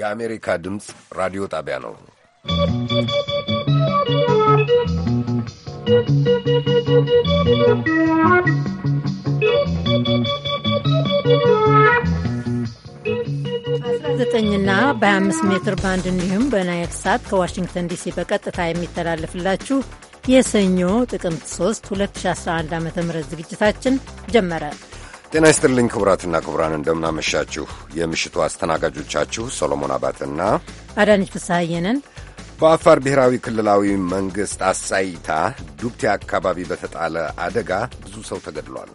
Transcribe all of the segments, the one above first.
የአሜሪካ ድምፅ ራዲዮ ጣቢያ ነው። ዘጠኝና በ25 ሜትር ባንድ እንዲሁም በናይል ሳት ከዋሽንግተን ዲሲ በቀጥታ የሚተላለፍላችሁ የሰኞ ጥቅምት 3 2011 ዓ ም ዝግጅታችን ጀመረ። ጤና ይስጥልኝ ክቡራትና ክቡራን፣ እንደምናመሻችሁ። የምሽቱ አስተናጋጆቻችሁ ሶሎሞን አባትና አዳነች ፍስሐየንን። በአፋር ብሔራዊ ክልላዊ መንግሥት አሳይታ ዱብቴ አካባቢ በተጣለ አደጋ ብዙ ሰው ተገድሏል።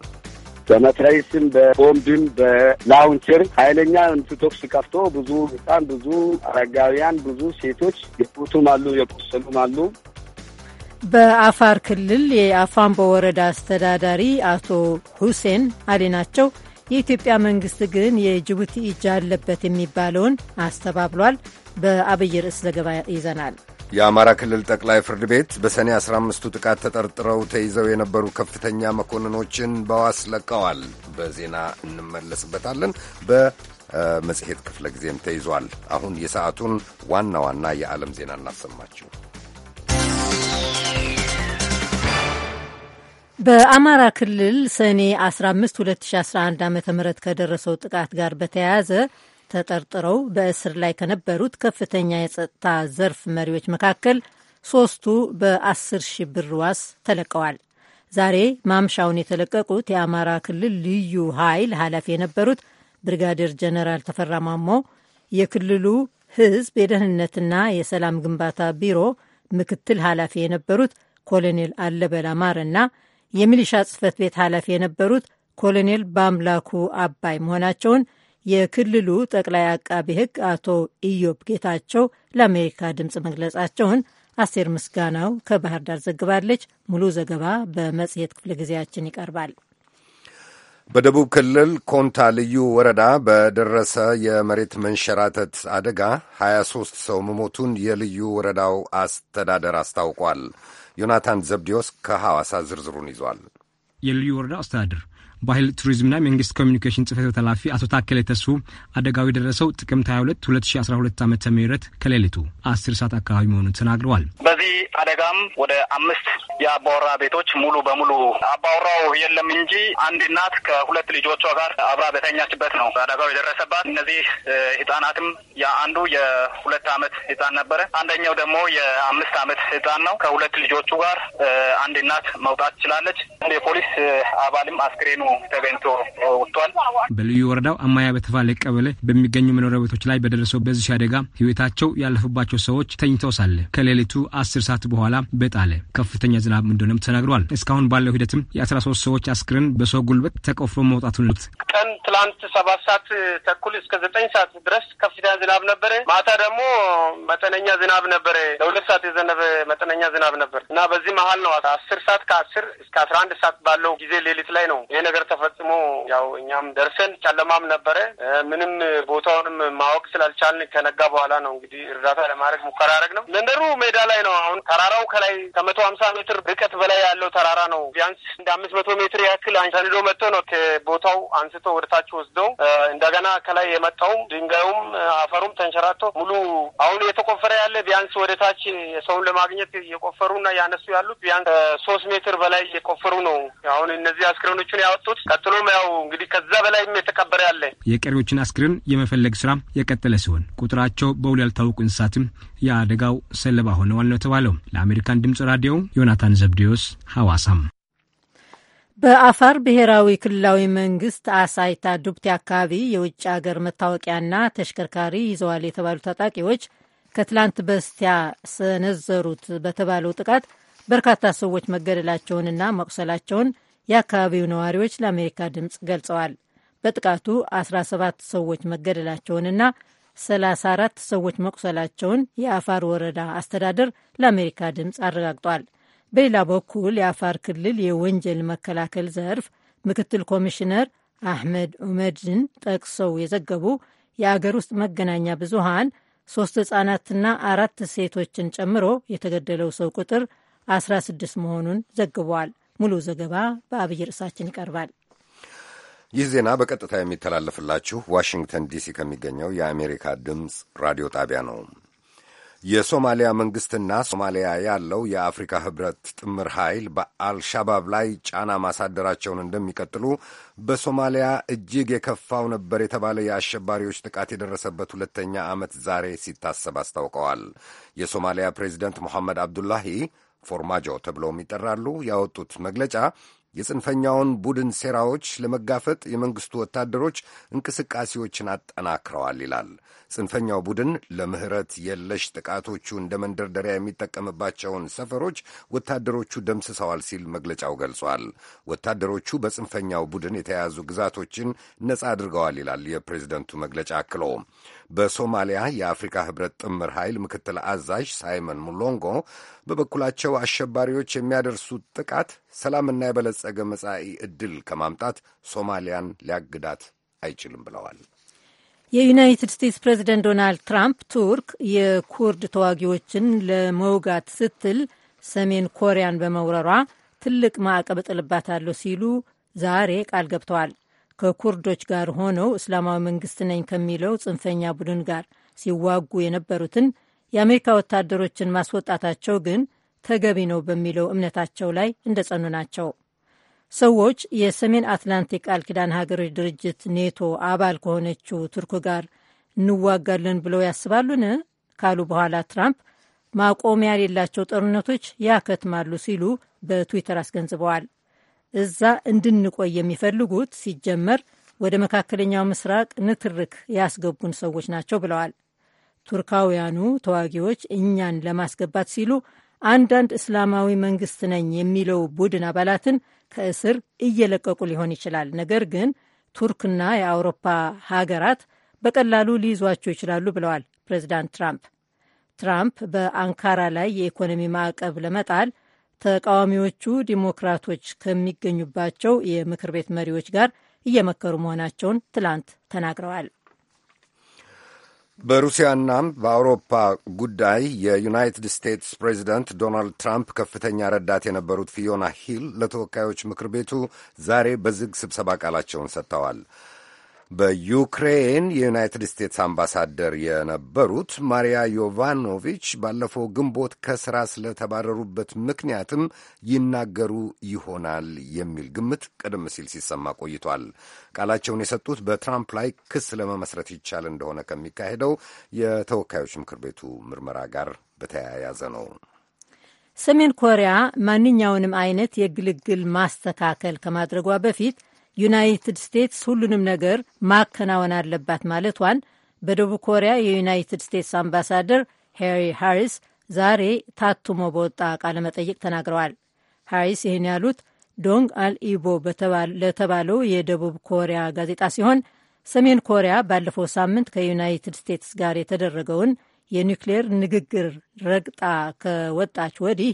በመትረይስም በቦምብም በላውንቸር ኃይለኛ ተኩስ ከፍቶ ብዙ ሕፃን፣ ብዙ አረጋውያን፣ ብዙ ሴቶች የሞቱም አሉ የቆሰሉም አሉ። በአፋር ክልል የአፋምቦ ወረዳ አስተዳዳሪ አቶ ሁሴን አሊ ናቸው። የኢትዮጵያ መንግስት ግን የጅቡቲ እጅ አለበት የሚባለውን አስተባብሏል። በአብይ ርዕስ ዘገባ ይዘናል። የአማራ ክልል ጠቅላይ ፍርድ ቤት በሰኔ 15ቱ ጥቃት ተጠርጥረው ተይዘው የነበሩ ከፍተኛ መኮንኖችን በዋስ ለቀዋል። በዜና እንመለስበታለን። በመጽሔት ክፍለ ጊዜም ተይዟል። አሁን የሰዓቱን ዋና ዋና የዓለም ዜና እናሰማችሁ። በአማራ ክልል ሰኔ 15 2011 ዓ ም ከደረሰው ጥቃት ጋር በተያያዘ ተጠርጥረው በእስር ላይ ከነበሩት ከፍተኛ የጸጥታ ዘርፍ መሪዎች መካከል ሶስቱ በ10 ሺህ ብር ዋስ ተለቀዋል። ዛሬ ማምሻውን የተለቀቁት የአማራ ክልል ልዩ ኃይል ኃላፊ የነበሩት ብርጋዴር ጀነራል ተፈራ ማሞ የክልሉ ሕዝብ የደህንነትና የሰላም ግንባታ ቢሮ ምክትል ኃላፊ የነበሩት ኮሎኔል አለበል ና። የሚሊሻ ጽህፈት ቤት ኃላፊ የነበሩት ኮሎኔል በአምላኩ አባይ መሆናቸውን የክልሉ ጠቅላይ አቃቢ ሕግ አቶ ኢዮብ ጌታቸው ለአሜሪካ ድምፅ መግለጻቸውን አስቴር ምስጋናው ከባህር ዳር ዘግባለች። ሙሉ ዘገባ በመጽሔት ክፍለ ጊዜያችን ይቀርባል። በደቡብ ክልል ኮንታ ልዩ ወረዳ በደረሰ የመሬት መንሸራተት አደጋ 23 ሰው መሞቱን የልዩ ወረዳው አስተዳደር አስታውቋል። ዮናታን ዘብዲዮስ ከሐዋሳ ዝርዝሩን ይዟል። የልዩ ወረዳ አስተዳደር ባህል ቱሪዝምና የመንግስት ኮሚኒኬሽን ጽህፈት ቤት ኃላፊ አቶ ታከለ ተሱ አደጋው የደረሰው ጥቅምት 22 2012 ዓ ም ከሌሊቱ አስር ሰዓት አካባቢ መሆኑን ተናግረዋል። በዚህ አደጋም ወደ አምስት የአባወራ ቤቶች ሙሉ በሙሉ አባወራው የለም እንጂ አንድ እናት ከሁለት ልጆቿ ጋር አብራ በተኛችበት ነው አደጋው የደረሰባት። እነዚህ ህጻናትም የአንዱ የሁለት አመት ህጻን ነበረ፣ አንደኛው ደግሞ የአምስት አመት ህጻን ነው። ከሁለት ልጆቹ ጋር አንድ እናት መውጣት ችላለች። የፖሊስ አባልም አስክሬኑ ተገኝቶ ወጥቷል። በልዩ ወረዳው አማያ በተባለ ቀበሌ በሚገኙ መኖሪያ ቤቶች ላይ በደረሰው በዚህ አደጋ ህይወታቸው ያለፈባቸው ሰዎች ተኝተው ሳለ ከሌሊቱ አስር ሰዓት በኋላ በጣለ ከፍተኛ ዝናብ እንደሆነም ተናግረዋል። እስካሁን ባለው ሂደትም የአስራ ሶስት ሰዎች አስክሬን በሰው ጉልበት ተቆፍሮ መውጣቱን ቀን ትላንት ሰባት ሰዓት ተኩል እስከ ዘጠኝ ሰዓት ድረስ ከፍተኛ ዝናብ ነበረ። ማታ ደግሞ መጠነኛ ዝናብ ነበረ። ለሁለት ሰዓት የዘነበ መጠነኛ ዝናብ ነበር እና በዚህ መሀል ነው አስር ሰዓት ከአስር እስከ አስራ አንድ ሰዓት ባለው ጊዜ ሌሊት ላይ ነው ይሄ ነገር ተፈጽሞ ያው እኛም ደርሰን ጨለማም ነበረ። ምንም ቦታውንም ማወቅ ስላልቻልን ከነጋ በኋላ ነው እንግዲህ እርዳታ ለማድረግ ሙከራ ያደረግ ነው። መንደሩ ሜዳ ላይ ነው። አሁን ተራራው ከላይ ከመቶ ሀምሳ ሜትር ርቀት በላይ ያለው ተራራ ነው። ቢያንስ እንደ አምስት መቶ ሜትር ያክል ሰንዶ መጥቶ ነው ከቦታው አንስቶ ወደ ታች ወስደው እንደገና ከላይ የመጣውም ድንጋዩም አፈሩም ተንሸራቶ ሙሉ አሁን የተቆፈረ ያለ ቢያንስ ወደ ታች የሰውን ለማግኘት እየቆፈሩ እና እያነሱ ያሉት ቢያንስ ሶስት ሜትር በላይ እየቆፈሩ ነው። አሁን እነዚህ አስክሬኖቹን ያወጡ ያወጡት። ቀጥሎም ያው እንግዲህ ከዛ በላይም የተቀበረ ያለ የቀሪዎችን አስክሬን የመፈለግ ስራ የቀጠለ ሲሆን ቁጥራቸው በውል ያልታወቁ እንስሳትም የአደጋው ሰለባ ሆነዋል ነው የተባለው። ለአሜሪካን ድምጽ ራዲዮ ዮናታን ዘብዴዎስ ሐዋሳም በአፋር ብሔራዊ ክልላዊ መንግስት አሳይታ ዱብቲ አካባቢ የውጭ አገር መታወቂያና ተሽከርካሪ ይዘዋል የተባሉ ታጣቂዎች ከትላንት በስቲያ ሰነዘሩት በተባለው ጥቃት በርካታ ሰዎች መገደላቸውንና መቁሰላቸውን የአካባቢው ነዋሪዎች ለአሜሪካ ድምፅ ገልጸዋል። በጥቃቱ 17 ሰዎች መገደላቸውንና 34 ሰዎች መቁሰላቸውን የአፋር ወረዳ አስተዳደር ለአሜሪካ ድምፅ አረጋግጧል። በሌላ በኩል የአፋር ክልል የወንጀል መከላከል ዘርፍ ምክትል ኮሚሽነር አህመድ ኡመድን ጠቅሰው የዘገቡ የአገር ውስጥ መገናኛ ብዙሃን ሶስት ህጻናትና አራት ሴቶችን ጨምሮ የተገደለው ሰው ቁጥር 16 መሆኑን ዘግቧል። ሙሉ ዘገባ በአብይ ርዕሳችን ይቀርባል። ይህ ዜና በቀጥታ የሚተላለፍላችሁ ዋሽንግተን ዲሲ ከሚገኘው የአሜሪካ ድምፅ ራዲዮ ጣቢያ ነው። የሶማሊያ መንግስትና ሶማሊያ ያለው የአፍሪካ ህብረት ጥምር ኃይል በአልሻባብ ላይ ጫና ማሳደራቸውን እንደሚቀጥሉ በሶማሊያ እጅግ የከፋው ነበር የተባለ የአሸባሪዎች ጥቃት የደረሰበት ሁለተኛ ዓመት ዛሬ ሲታሰብ አስታውቀዋል። የሶማሊያ ፕሬዚደንት ሞሐመድ አብዱላሂ ፎርማጆ ተብለውም ይጠራሉ ያወጡት መግለጫ የጽንፈኛውን ቡድን ሴራዎች ለመጋፈጥ የመንግሥቱ ወታደሮች እንቅስቃሴዎችን አጠናክረዋል ይላል። ጽንፈኛው ቡድን ለምህረት የለሽ ጥቃቶቹ እንደ መንደርደሪያ የሚጠቀምባቸውን ሰፈሮች ወታደሮቹ ደምስሰዋል ሲል መግለጫው ገልጿል። ወታደሮቹ በጽንፈኛው ቡድን የተያዙ ግዛቶችን ነጻ አድርገዋል ይላል የፕሬዝደንቱ መግለጫ አክሎ በሶማሊያ የአፍሪካ ህብረት ጥምር ኃይል ምክትል አዛዥ ሳይመን ሙሎንጎ በበኩላቸው አሸባሪዎች የሚያደርሱት ጥቃት ሰላምና የበለጸገ መጻኢ ዕድል ከማምጣት ሶማሊያን ሊያግዳት አይችልም ብለዋል። የዩናይትድ ስቴትስ ፕሬዚደንት ዶናልድ ትራምፕ ቱርክ የኩርድ ተዋጊዎችን ለመውጋት ስትል ሰሜን ኮሪያን በመውረሯ ትልቅ ማዕቀብ እጥልባታለሁ ሲሉ ዛሬ ቃል ገብተዋል። ከኩርዶች ጋር ሆነው እስላማዊ መንግስት ነኝ ከሚለው ጽንፈኛ ቡድን ጋር ሲዋጉ የነበሩትን የአሜሪካ ወታደሮችን ማስወጣታቸው ግን ተገቢ ነው በሚለው እምነታቸው ላይ እንደጸኑ ናቸው። ሰዎች የሰሜን አትላንቲክ ቃል ኪዳን ሀገሮች ድርጅት ኔቶ አባል ከሆነችው ቱርክ ጋር እንዋጋለን ብለው ያስባሉን ካሉ በኋላ ትራምፕ ማቆሚያ የሌላቸው ጦርነቶች ያከትማሉ ሲሉ በትዊተር አስገንዝበዋል። እዛ እንድንቆይ የሚፈልጉት ሲጀመር ወደ መካከለኛው ምስራቅ ንትርክ ያስገቡን ሰዎች ናቸው ብለዋል። ቱርካውያኑ ተዋጊዎች እኛን ለማስገባት ሲሉ አንዳንድ እስላማዊ መንግስት ነኝ የሚለው ቡድን አባላትን ከእስር እየለቀቁ ሊሆን ይችላል። ነገር ግን ቱርክና የአውሮፓ ሀገራት በቀላሉ ሊይዟቸው ይችላሉ ብለዋል ፕሬዚዳንት ትራምፕ። ትራምፕ በአንካራ ላይ የኢኮኖሚ ማዕቀብ ለመጣል ተቃዋሚዎቹ ዲሞክራቶች ከሚገኙባቸው የምክር ቤት መሪዎች ጋር እየመከሩ መሆናቸውን ትላንት ተናግረዋል። በሩሲያና በአውሮፓ ጉዳይ የዩናይትድ ስቴትስ ፕሬዚደንት ዶናልድ ትራምፕ ከፍተኛ ረዳት የነበሩት ፊዮና ሂል ለተወካዮች ምክር ቤቱ ዛሬ በዝግ ስብሰባ ቃላቸውን ሰጥተዋል። በዩክሬን የዩናይትድ ስቴትስ አምባሳደር የነበሩት ማሪያ ዮቫኖቪች ባለፈው ግንቦት ከሥራ ስለተባረሩበት ምክንያትም ይናገሩ ይሆናል የሚል ግምት ቀደም ሲል ሲሰማ ቆይቷል። ቃላቸውን የሰጡት በትራምፕ ላይ ክስ ለመመስረት ይቻል እንደሆነ ከሚካሄደው የተወካዮች ምክር ቤቱ ምርመራ ጋር በተያያዘ ነው። ሰሜን ኮሪያ ማንኛውንም አይነት የግልግል ማስተካከል ከማድረጓ በፊት ዩናይትድ ስቴትስ ሁሉንም ነገር ማከናወን አለባት ማለቷን በደቡብ ኮሪያ የዩናይትድ ስቴትስ አምባሳደር ሄሪ ሃሪስ ዛሬ ታትሞ በወጣ ቃለ መጠይቅ ተናግረዋል። ሃሪስ ይህን ያሉት ዶንግ አልኢቦ ለተባለው የደቡብ ኮሪያ ጋዜጣ ሲሆን ሰሜን ኮሪያ ባለፈው ሳምንት ከዩናይትድ ስቴትስ ጋር የተደረገውን የኒውክሌር ንግግር ረግጣ ከወጣች ወዲህ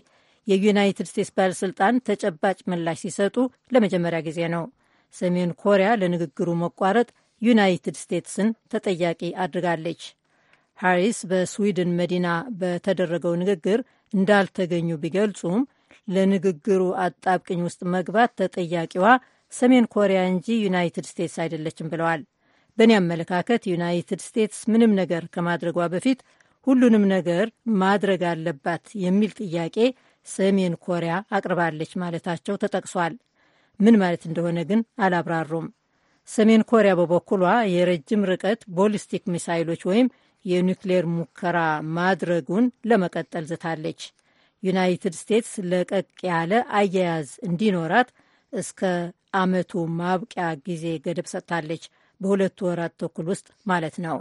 የዩናይትድ ስቴትስ ባለሥልጣን ተጨባጭ ምላሽ ሲሰጡ ለመጀመሪያ ጊዜ ነው። ሰሜን ኮሪያ ለንግግሩ መቋረጥ ዩናይትድ ስቴትስን ተጠያቂ አድርጋለች። ሃሪስ በስዊድን መዲና በተደረገው ንግግር እንዳልተገኙ ቢገልጹም ለንግግሩ አጣብቅኝ ውስጥ መግባት ተጠያቂዋ ሰሜን ኮሪያ እንጂ ዩናይትድ ስቴትስ አይደለችም ብለዋል። በእኔ አመለካከት ዩናይትድ ስቴትስ ምንም ነገር ከማድረጓ በፊት ሁሉንም ነገር ማድረግ አለባት የሚል ጥያቄ ሰሜን ኮሪያ አቅርባለች ማለታቸው ተጠቅሷል። ምን ማለት እንደሆነ ግን አላብራሩም። ሰሜን ኮሪያ በበኩሏ የረጅም ርቀት ቦሊስቲክ ሚሳይሎች ወይም የኒውክሌር ሙከራ ማድረጉን ለመቀጠል ዝታለች። ዩናይትድ ስቴትስ ለቀቅ ያለ አያያዝ እንዲኖራት እስከ ዓመቱ ማብቂያ ጊዜ ገደብ ሰጥታለች። በሁለቱ ወራት ተኩል ውስጥ ማለት ነው።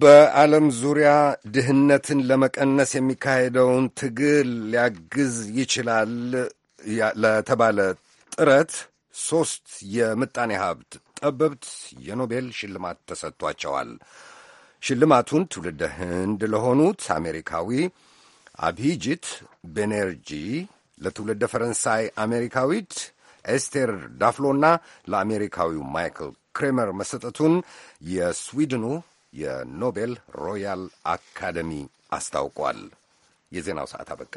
በዓለም ዙሪያ ድህነትን ለመቀነስ የሚካሄደውን ትግል ሊያግዝ ይችላል ለተባለ ጥረት ሶስት የምጣኔ ሀብት ጠበብት የኖቤል ሽልማት ተሰጥቷቸዋል። ሽልማቱን ትውልደ ህንድ ለሆኑት አሜሪካዊ አብሂጂት ቤኔርጂ፣ ለትውልደ ፈረንሳይ አሜሪካዊት ኤስቴር ዳፍሎና ለአሜሪካዊው ማይክል ክሬመር መሰጠቱን የስዊድኑ የኖቤል ሮያል አካደሚ አስታውቋል። የዜናው ሰዓት አበቃ።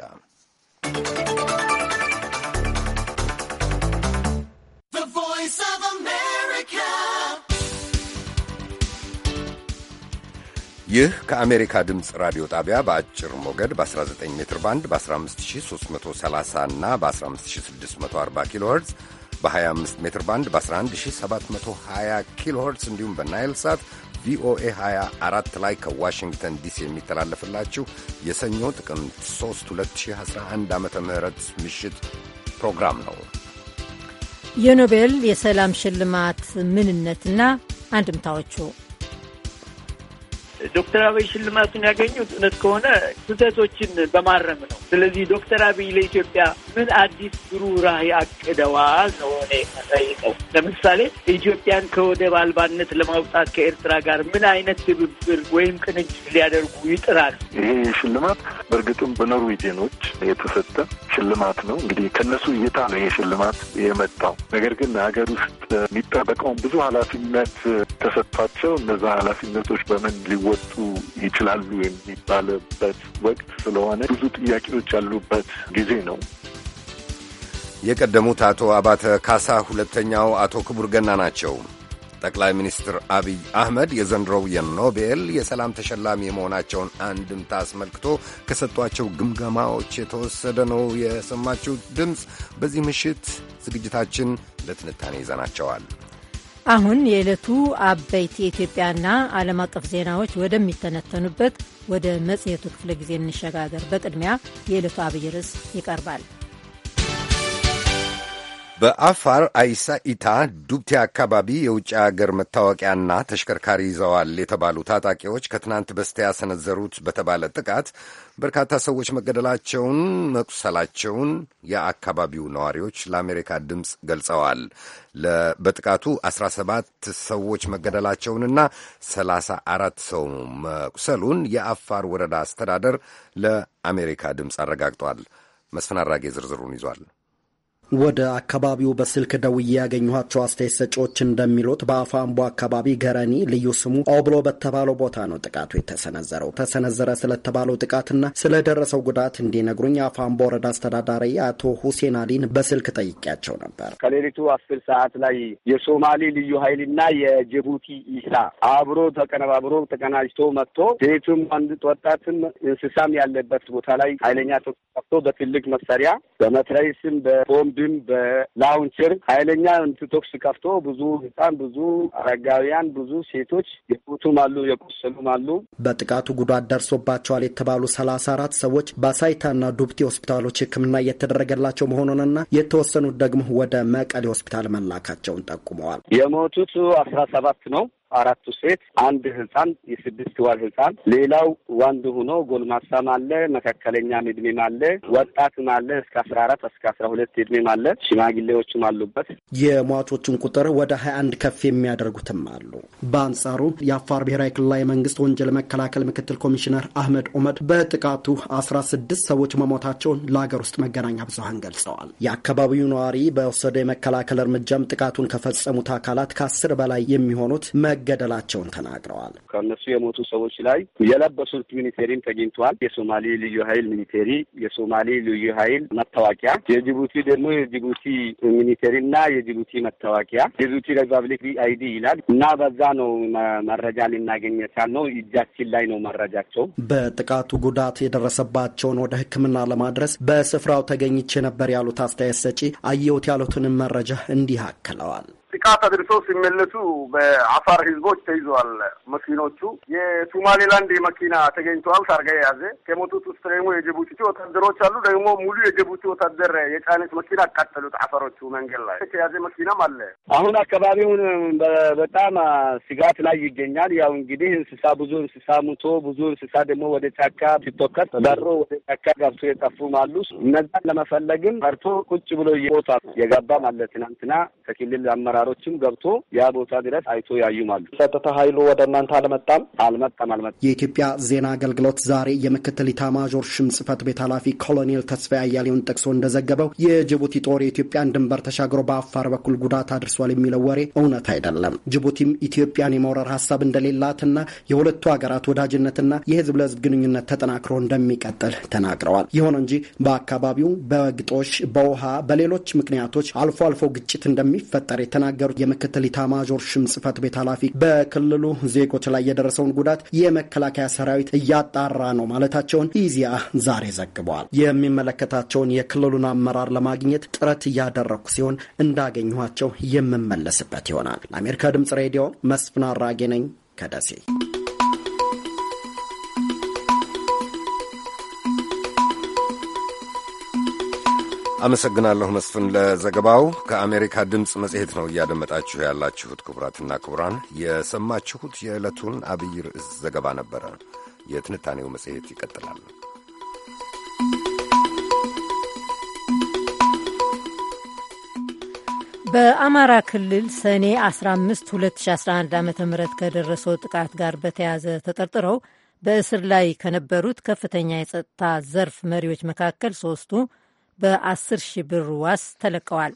ይህ ከአሜሪካ ድምፅ ራዲዮ ጣቢያ በአጭር ሞገድ በ19 ሜትር ባንድ በ15330 እና በ15640 ኪሎ ሄርዝ በ25 ሜትር ባንድ በ11720 ኪሎ ሄርዝ እንዲሁም በናይል ሳት ቪኦኤ 24 ላይ ከዋሽንግተን ዲሲ የሚተላለፍላችሁ የሰኞ ጥቅምት 3 2011 ዓ ም ምሽት ፕሮግራም ነው። የኖቤል የሰላም ሽልማት ምንነትና አንድምታዎቹ ዶክተር አብይ ሽልማቱን ያገኙት እውነት ከሆነ ስህተቶችን በማረም ነው። ስለዚህ ዶክተር አብይ ለኢትዮጵያ ምን አዲስ ብሩህ ራዕይ አቅደዋል ነው እኔ የማጠይቀው። ለምሳሌ ኢትዮጵያን ከወደብ አልባነት ለማውጣት ከኤርትራ ጋር ምን አይነት ትብብር ወይም ቅንጅት ሊያደርጉ ይጥራል? ይሄ ሽልማት በእርግጥም በኖርዌጂኖች የተሰጠ ሽልማት ነው። እንግዲህ ከነሱ እይታ ነው ይሄ ሽልማት የመጣው። ነገር ግን ሀገር ውስጥ የሚጠበቀውን ብዙ ኃላፊነት ተሰጥቷቸው እነዛ ኃላፊነቶች በምን ሊወ ሊወጡ ይችላሉ የሚባልበት ወቅት ስለሆነ ብዙ ጥያቄዎች ያሉበት ጊዜ ነው። የቀደሙት አቶ አባተ ካሳ፣ ሁለተኛው አቶ ክቡር ገና ናቸው። ጠቅላይ ሚኒስትር አብይ አህመድ የዘንድሮው የኖቤል የሰላም ተሸላሚ የመሆናቸውን አንድምታ አስመልክቶ ከሰጧቸው ግምገማዎች የተወሰደ ነው የሰማችሁት ድምፅ። በዚህ ምሽት ዝግጅታችን ለትንታኔ ይዘናቸዋል። አሁን የዕለቱ አበይት የኢትዮጵያና ዓለም አቀፍ ዜናዎች ወደሚተነተኑበት ወደ መጽሔቱ ክፍለ ጊዜ እንሸጋገር። በቅድሚያ የዕለቱ አብይ ርዕስ ይቀርባል። በአፋር አይሳ ኢታ ዱብቴ አካባቢ የውጭ አገር መታወቂያና ተሽከርካሪ ይዘዋል የተባሉ ታጣቂዎች ከትናንት በስቲያ ሰነዘሩት በተባለ ጥቃት በርካታ ሰዎች መገደላቸውን፣ መቁሰላቸውን የአካባቢው ነዋሪዎች ለአሜሪካ ድምፅ ገልጸዋል። በጥቃቱ 17 ሰዎች መገደላቸውንና 34 ሰው መቁሰሉን የአፋር ወረዳ አስተዳደር ለአሜሪካ ድምፅ አረጋግጧል። መስፍን አራጌ ዝርዝሩን ይዟል። ወደ አካባቢው በስልክ ደውዬ ያገኘኋቸው አስተያየት ሰጪዎች እንደሚሉት በአፋምቦ አካባቢ ገረኒ ልዩ ስሙ ኦብሎ በተባለው ቦታ ነው ጥቃቱ የተሰነዘረው። ተሰነዘረ ስለተባለው ጥቃትና ስለደረሰው ጉዳት እንዲነግሩኝ አፋምቦ ወረዳ አስተዳዳሪ አቶ ሁሴን አሊን በስልክ ጠይቄያቸው ነበር። ከሌሊቱ አስር ሰዓት ላይ የሶማሌ ልዩ ኃይልና የጅቡቲ ኢሳ አብሮ ተቀነባብሮ ተቀናጅቶ መጥቶ ቤቱም አንድ ወጣትም እንስሳም ያለበት ቦታ ላይ ኃይለኛ ተከፍቶ በትልቅ መሳሪያ በመትረይስም በቦምብ ቡድን በላውንቸር ኃይለኛ ቶክስ ከፍቶ ብዙ ህፃን፣ ብዙ አረጋውያን፣ ብዙ ሴቶች የሞቱም አሉ፣ የቆሰሉም አሉ። በጥቃቱ ጉዳት ደርሶባቸዋል የተባሉ ሰላሳ አራት ሰዎች በሳይታና ዱብቲ ሆስፒታሎች ሕክምና እየተደረገላቸው መሆኑንና የተወሰኑት ደግሞ ወደ መቀሌ ሆስፒታል መላካቸውን ጠቁመዋል። የሞቱት አስራ ሰባት ነው። አራቱ ሴት፣ አንድ ህፃን፣ የስድስት ወር ህፃን፣ ሌላው ወንድ ሆኖ ጎልማሳም አለ፣ መካከለኛም እድሜም አለ፣ ወጣትም አለ፣ እስከ አስራ አራት እስከ አስራ ሁለት እድሜም አለ፣ ሽማግሌዎችም አሉበት። የሟቾችን ቁጥር ወደ ሀያ አንድ ከፍ የሚያደርጉትም አሉ። በአንጻሩ የአፋር ብሔራዊ ክልላዊ መንግስት ወንጀል መከላከል ምክትል ኮሚሽነር አህመድ ኦመድ በጥቃቱ አስራ ስድስት ሰዎች መሞታቸውን ለሀገር ውስጥ መገናኛ ብዙሀን ገልጸዋል። የአካባቢው ነዋሪ በወሰደው የመከላከል እርምጃም ጥቃቱን ከፈጸሙት አካላት ከአስር በላይ የሚሆኑት መገደላቸውን ተናግረዋል። ከእነሱ የሞቱ ሰዎች ላይ የለበሱት ሚኒቴሪም ተገኝተዋል። የሶማሌ ልዩ ኃይል ሚኒቴሪ፣ የሶማሌ ልዩ ኃይል መታወቂያ፣ የጅቡቲ ደግሞ የጅቡቲ ሚኒቴሪ የጅቡቲ መታወቂያ የጅቡቲ ሪፐብሊክ አይዲ ይላል እና በዛ ነው መረጃ ልናገኝ የቻልነው። እጃችን ላይ ነው መረጃቸው። በጥቃቱ ጉዳት የደረሰባቸውን ወደ ሕክምና ለማድረስ በስፍራው ተገኝቼ ነበር ያሉት አስተያየት ሰጪ አየሁት ያሉትንም መረጃ እንዲህ አክለዋል። ጥቃት አድርሰው ሲመለሱ በአፋር ህዝቦች ተይዘዋል። መኪኖቹ የሱማሌላንድ መኪና ተገኝተዋል። ታርጋ የያዘ ከሞቱት ውስጥ ደግሞ የጅቡቲ ወታደሮች አሉ። ደግሞ ሙሉ የጅቡቲ ወታደር የጫነት መኪና አቃጠሉት። አፈሮቹ መንገድ ላይ የተያዘ መኪናም አለ። አሁን አካባቢውን በጣም ስጋት ላይ ይገኛል። ያው እንግዲህ እንስሳ ብዙ እንስሳ ሙቶ ብዙ እንስሳ ደግሞ ወደ ጫካ ሲቶከት በሮ ወደ ጫካ ገብቶ የጠፉም አሉ። እነዛን ለመፈለግም ፈርቶ ቁጭ ብሎ ቦታ የገባ ማለት ትናንትና ከክልል አመራ አመራሮችም ገብቶ ያ ቦታ ድረስ አይቶ ያዩማሉ። ጸጥታ ኃይሉ ወደ እናንተ አልመጣም አልመጣም አልመጣም። የኢትዮጵያ ዜና አገልግሎት ዛሬ የምክትል ኢታማዦር ሽም ጽህፈት ቤት ኃላፊ ኮሎኔል ተስፋ አያሌውን ጠቅሶ እንደዘገበው የጅቡቲ ጦር የኢትዮጵያን ድንበር ተሻግሮ በአፋር በኩል ጉዳት አድርሷል የሚለው ወሬ እውነት አይደለም። ጅቡቲም ኢትዮጵያን የመውረር ሀሳብ እንደሌላትና የሁለቱ ሀገራት ወዳጅነትና የህዝብ ለህዝብ ግንኙነት ተጠናክሮ እንደሚቀጥል ተናግረዋል። ይሁን እንጂ በአካባቢው በግጦሽ፣ በውሃ፣ በሌሎች ምክንያቶች አልፎ አልፎ ግጭት እንደሚፈጠር የተናገ የተናገሩት የምክትል ኢታማዦር ሹም ጽህፈት ቤት ኃላፊ በክልሉ ዜጎች ላይ የደረሰውን ጉዳት የመከላከያ ሰራዊት እያጣራ ነው ማለታቸውን ኢዚያ ዛሬ ዘግቧል። የሚመለከታቸውን የክልሉን አመራር ለማግኘት ጥረት እያደረግኩ ሲሆን እንዳገኘኋቸው የምመለስበት ይሆናል። ለአሜሪካ ድምጽ ሬዲዮ መስፍን አራጌ ነኝ ከደሴ። አመሰግናለሁ መስፍን ለዘገባው። ከአሜሪካ ድምፅ መጽሔት ነው እያደመጣችሁ ያላችሁት። ክቡራትና ክቡራን የሰማችሁት የዕለቱን አብይ ርዕስ ዘገባ ነበረ። የትንታኔው መጽሔት ይቀጥላል። በአማራ ክልል ሰኔ 15 2011 ዓ ም ከደረሰው ጥቃት ጋር በተያያዘ ተጠርጥረው በእስር ላይ ከነበሩት ከፍተኛ የጸጥታ ዘርፍ መሪዎች መካከል ሶስቱ በ10 ሺህ ብር ዋስ ተለቀዋል።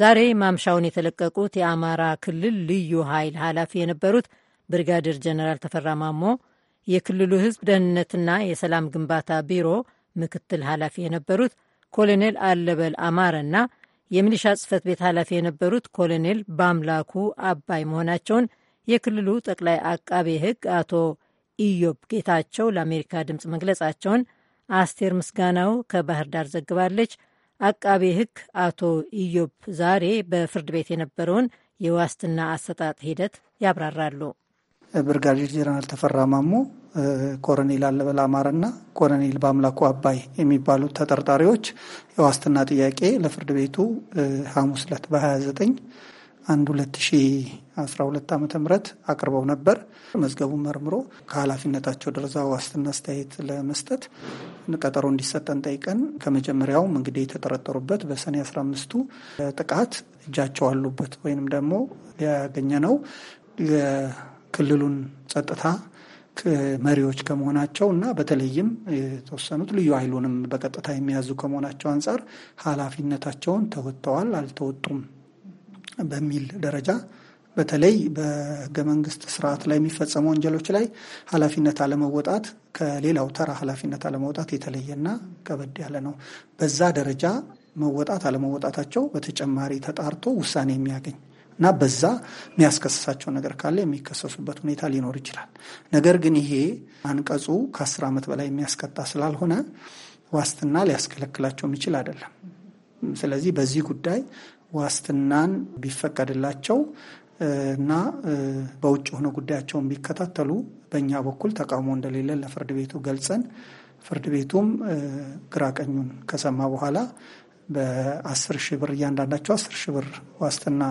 ዛሬ ማምሻውን የተለቀቁት የአማራ ክልል ልዩ ኃይል ኃላፊ የነበሩት ብርጋዴር ጀነራል ተፈራ ማሞ፣ የክልሉ ህዝብ ደህንነትና የሰላም ግንባታ ቢሮ ምክትል ኃላፊ የነበሩት ኮሎኔል አለበል አማረና የሚሊሻ ጽህፈት ቤት ኃላፊ የነበሩት ኮሎኔል በአምላኩ አባይ መሆናቸውን የክልሉ ጠቅላይ አቃቤ ህግ አቶ ኢዮብ ጌታቸው ለአሜሪካ ድምፅ መግለጻቸውን አስቴር ምስጋናው ከባህር ዳር ዘግባለች። አቃቤ ሕግ አቶ ኢዮብ ዛሬ በፍርድ ቤት የነበረውን የዋስትና አሰጣጥ ሂደት ያብራራሉ። ብርጋዴር ጀነራል ተፈራ ማሞ፣ ኮሎኔል አለበል አማረና ኮሎኔል በአምላኩ አባይ የሚባሉት ተጠርጣሪዎች የዋስትና ጥያቄ ለፍርድ ቤቱ ሐሙስ ዕለት በ29 አንድ 2012 ዓ ም አቅርበው ነበር። መዝገቡን መርምሮ ከኃላፊነታቸው ደረጃ ዋስትና አስተያየት ለመስጠት ቀጠሮ እንዲሰጠን ጠይቀን ከመጀመሪያውም እንግዲህ የተጠረጠሩበት በሰኔ 15ቱ ጥቃት እጃቸው አሉበት ወይንም ደግሞ ያገኘ ነው የክልሉን ጸጥታ መሪዎች ከመሆናቸው እና በተለይም የተወሰኑት ልዩ ኃይሉንም በቀጥታ የሚያዙ ከመሆናቸው አንጻር ኃላፊነታቸውን ተወጥተዋል አልተወጡም በሚል ደረጃ በተለይ በህገ መንግስት ስርዓት ላይ የሚፈጸሙ ወንጀሎች ላይ ኃላፊነት አለመወጣት ከሌላው ተራ ኃላፊነት አለመውጣት የተለየና ከበድ ያለ ነው። በዛ ደረጃ መወጣት አለመወጣታቸው በተጨማሪ ተጣርቶ ውሳኔ የሚያገኝ እና በዛ የሚያስከስሳቸው ነገር ካለ የሚከሰሱበት ሁኔታ ሊኖር ይችላል። ነገር ግን ይሄ አንቀጹ ከአስር ዓመት በላይ የሚያስቀጣ ስላልሆነ ዋስትና ሊያስከለክላቸው የሚችል አይደለም። ስለዚህ በዚህ ጉዳይ ዋስትናን ቢፈቀድላቸው እና በውጭ ሆነው ጉዳያቸውን ቢከታተሉ በእኛ በኩል ተቃውሞ እንደሌለ ለፍርድ ቤቱ ገልጸን ፍርድ ቤቱም ግራ ቀኙን ከሰማ በኋላ በአስር ሺህ ብር እያንዳንዳቸው አስር ሺህ ብር ዋስትና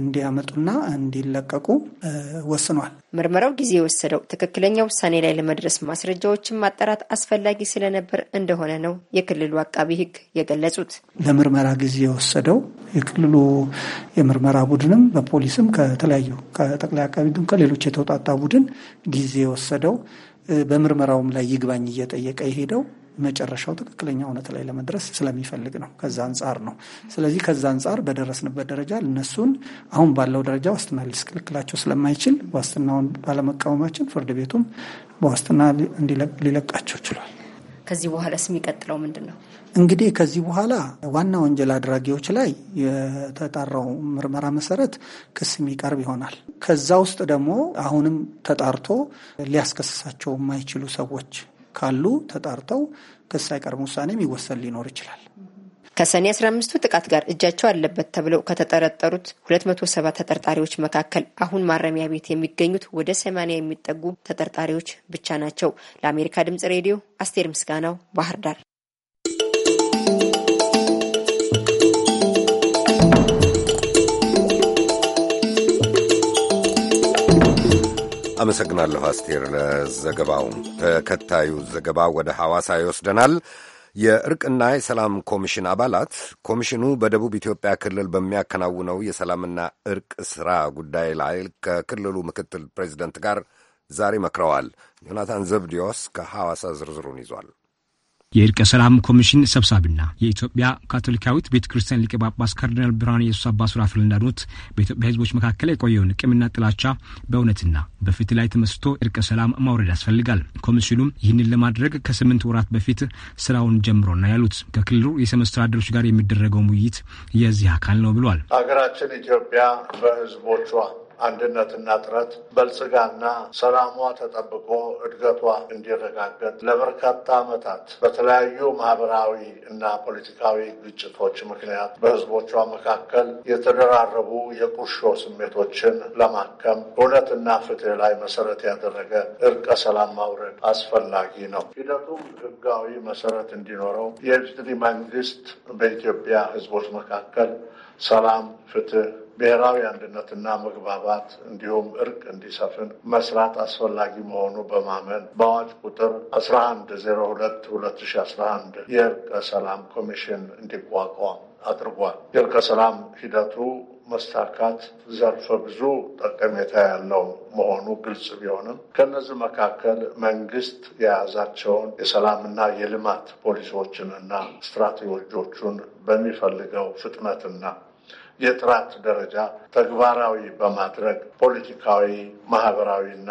እንዲያመጡና እንዲለቀቁ ወስኗል። ምርመራው ጊዜ የወሰደው ትክክለኛ ውሳኔ ላይ ለመድረስ ማስረጃዎችን ማጣራት አስፈላጊ ስለነበር እንደሆነ ነው የክልሉ አቃቢ ሕግ የገለጹት። ለምርመራ ጊዜ የወሰደው የክልሉ የምርመራ ቡድንም በፖሊስም ከተለያዩ ከጠቅላይ አቃቢ ሕግም ከሌሎች የተውጣጣ ቡድን ጊዜ የወሰደው በምርመራውም ላይ ይግባኝ እየጠየቀ የሄደው መጨረሻው ትክክለኛ እውነት ላይ ለመድረስ ስለሚፈልግ ነው። ከዛ አንጻር ነው። ስለዚህ ከዛ አንጻር በደረስንበት ደረጃ እነሱን አሁን ባለው ደረጃ ዋስትና ሊስክልክላቸው ስለማይችል ዋስትናውን ባለመቃወማችን ፍርድ ቤቱም በዋስትና ሊለቃቸው ችሏል። ከዚህ በኋላስ የሚቀጥለው ምንድን ነው? እንግዲህ ከዚህ በኋላ ዋና ወንጀል አድራጊዎች ላይ የተጣራው ምርመራ መሰረት ክስ የሚቀርብ ይሆናል። ከዛ ውስጥ ደግሞ አሁንም ተጣርቶ ሊያስከስሳቸው የማይችሉ ሰዎች ካሉ ተጣርተው ክስ አይቀርም ውሳኔ የሚወሰን ሊኖር ይችላል። ከሰኔ 15ቱ ጥቃት ጋር እጃቸው አለበት ተብለው ከተጠረጠሩት 207 ተጠርጣሪዎች መካከል አሁን ማረሚያ ቤት የሚገኙት ወደ 80 የሚጠጉ ተጠርጣሪዎች ብቻ ናቸው። ለአሜሪካ ድምጽ ሬዲዮ አስቴር ምስጋናው ባህር ዳር አመሰግናለሁ አስቴር ለዘገባው። ተከታዩ ዘገባ ወደ ሐዋሳ ይወስደናል። የእርቅና የሰላም ኮሚሽን አባላት ኮሚሽኑ በደቡብ ኢትዮጵያ ክልል በሚያከናውነው የሰላምና እርቅ ሥራ ጉዳይ ላይ ከክልሉ ምክትል ፕሬዚደንት ጋር ዛሬ መክረዋል። ዮናታን ዘብዲዮስ ከሐዋሳ ዝርዝሩን ይዟል። የእርቀ ሰላም ኮሚሽን ሰብሳቢና የኢትዮጵያ ካቶሊካዊት ቤተ ክርስቲያን ሊቀ ጳጳስ ካርዲናል ብርሃን ኢየሱስ አባ ሱራፊል እንዳሉት በኢትዮጵያ ሕዝቦች መካከል የቆየውን ቂምና ጥላቻ በእውነትና በፍትህ ላይ ተመስርቶ እርቀ ሰላም ማውረድ ያስፈልጋል። ኮሚሽኑም ይህንን ለማድረግ ከስምንት ወራት በፊት ስራውን ጀምሮና ያሉት ከክልሉ የሰ ጋር የሚደረገውን ውይይት የዚህ አካል ነው ብሏል። ሀገራችን ኢትዮጵያ በህዝቦቿ አንድነትና ጥረት በልጽጋና ሰላሟ ተጠብቆ እድገቷ እንዲረጋገጥ ለበርካታ ዓመታት በተለያዩ ማህበራዊ እና ፖለቲካዊ ግጭቶች ምክንያት በህዝቦቿ መካከል የተደራረቡ የቁርሾ ስሜቶችን ለማከም እውነትና ፍትህ ላይ መሰረት ያደረገ እርቀ ሰላም ማውረድ አስፈላጊ ነው። ሂደቱም ህጋዊ መሰረት እንዲኖረው የኤርትሪ መንግስት በኢትዮጵያ ህዝቦች መካከል ሰላም፣ ፍትህ፣ ብሔራዊ አንድነትና መግባባት እንዲሁም እርቅ እንዲሰፍን መስራት አስፈላጊ መሆኑ በማመን በአዋጅ ቁጥር 1102 2011 የእርቀ ሰላም ኮሚሽን እንዲቋቋም አድርጓል። የእርቀ ሰላም ሂደቱ መሳካት ዘርፈ ብዙ ጠቀሜታ ያለው መሆኑ ግልጽ ቢሆንም ከእነዚህ መካከል መንግስት የያዛቸውን የሰላምና የልማት ፖሊሲዎችንና ስትራቴጂዎቹን በሚፈልገው ፍጥነትና የጥራት ደረጃ ተግባራዊ በማድረግ ፖለቲካዊ፣ ማህበራዊና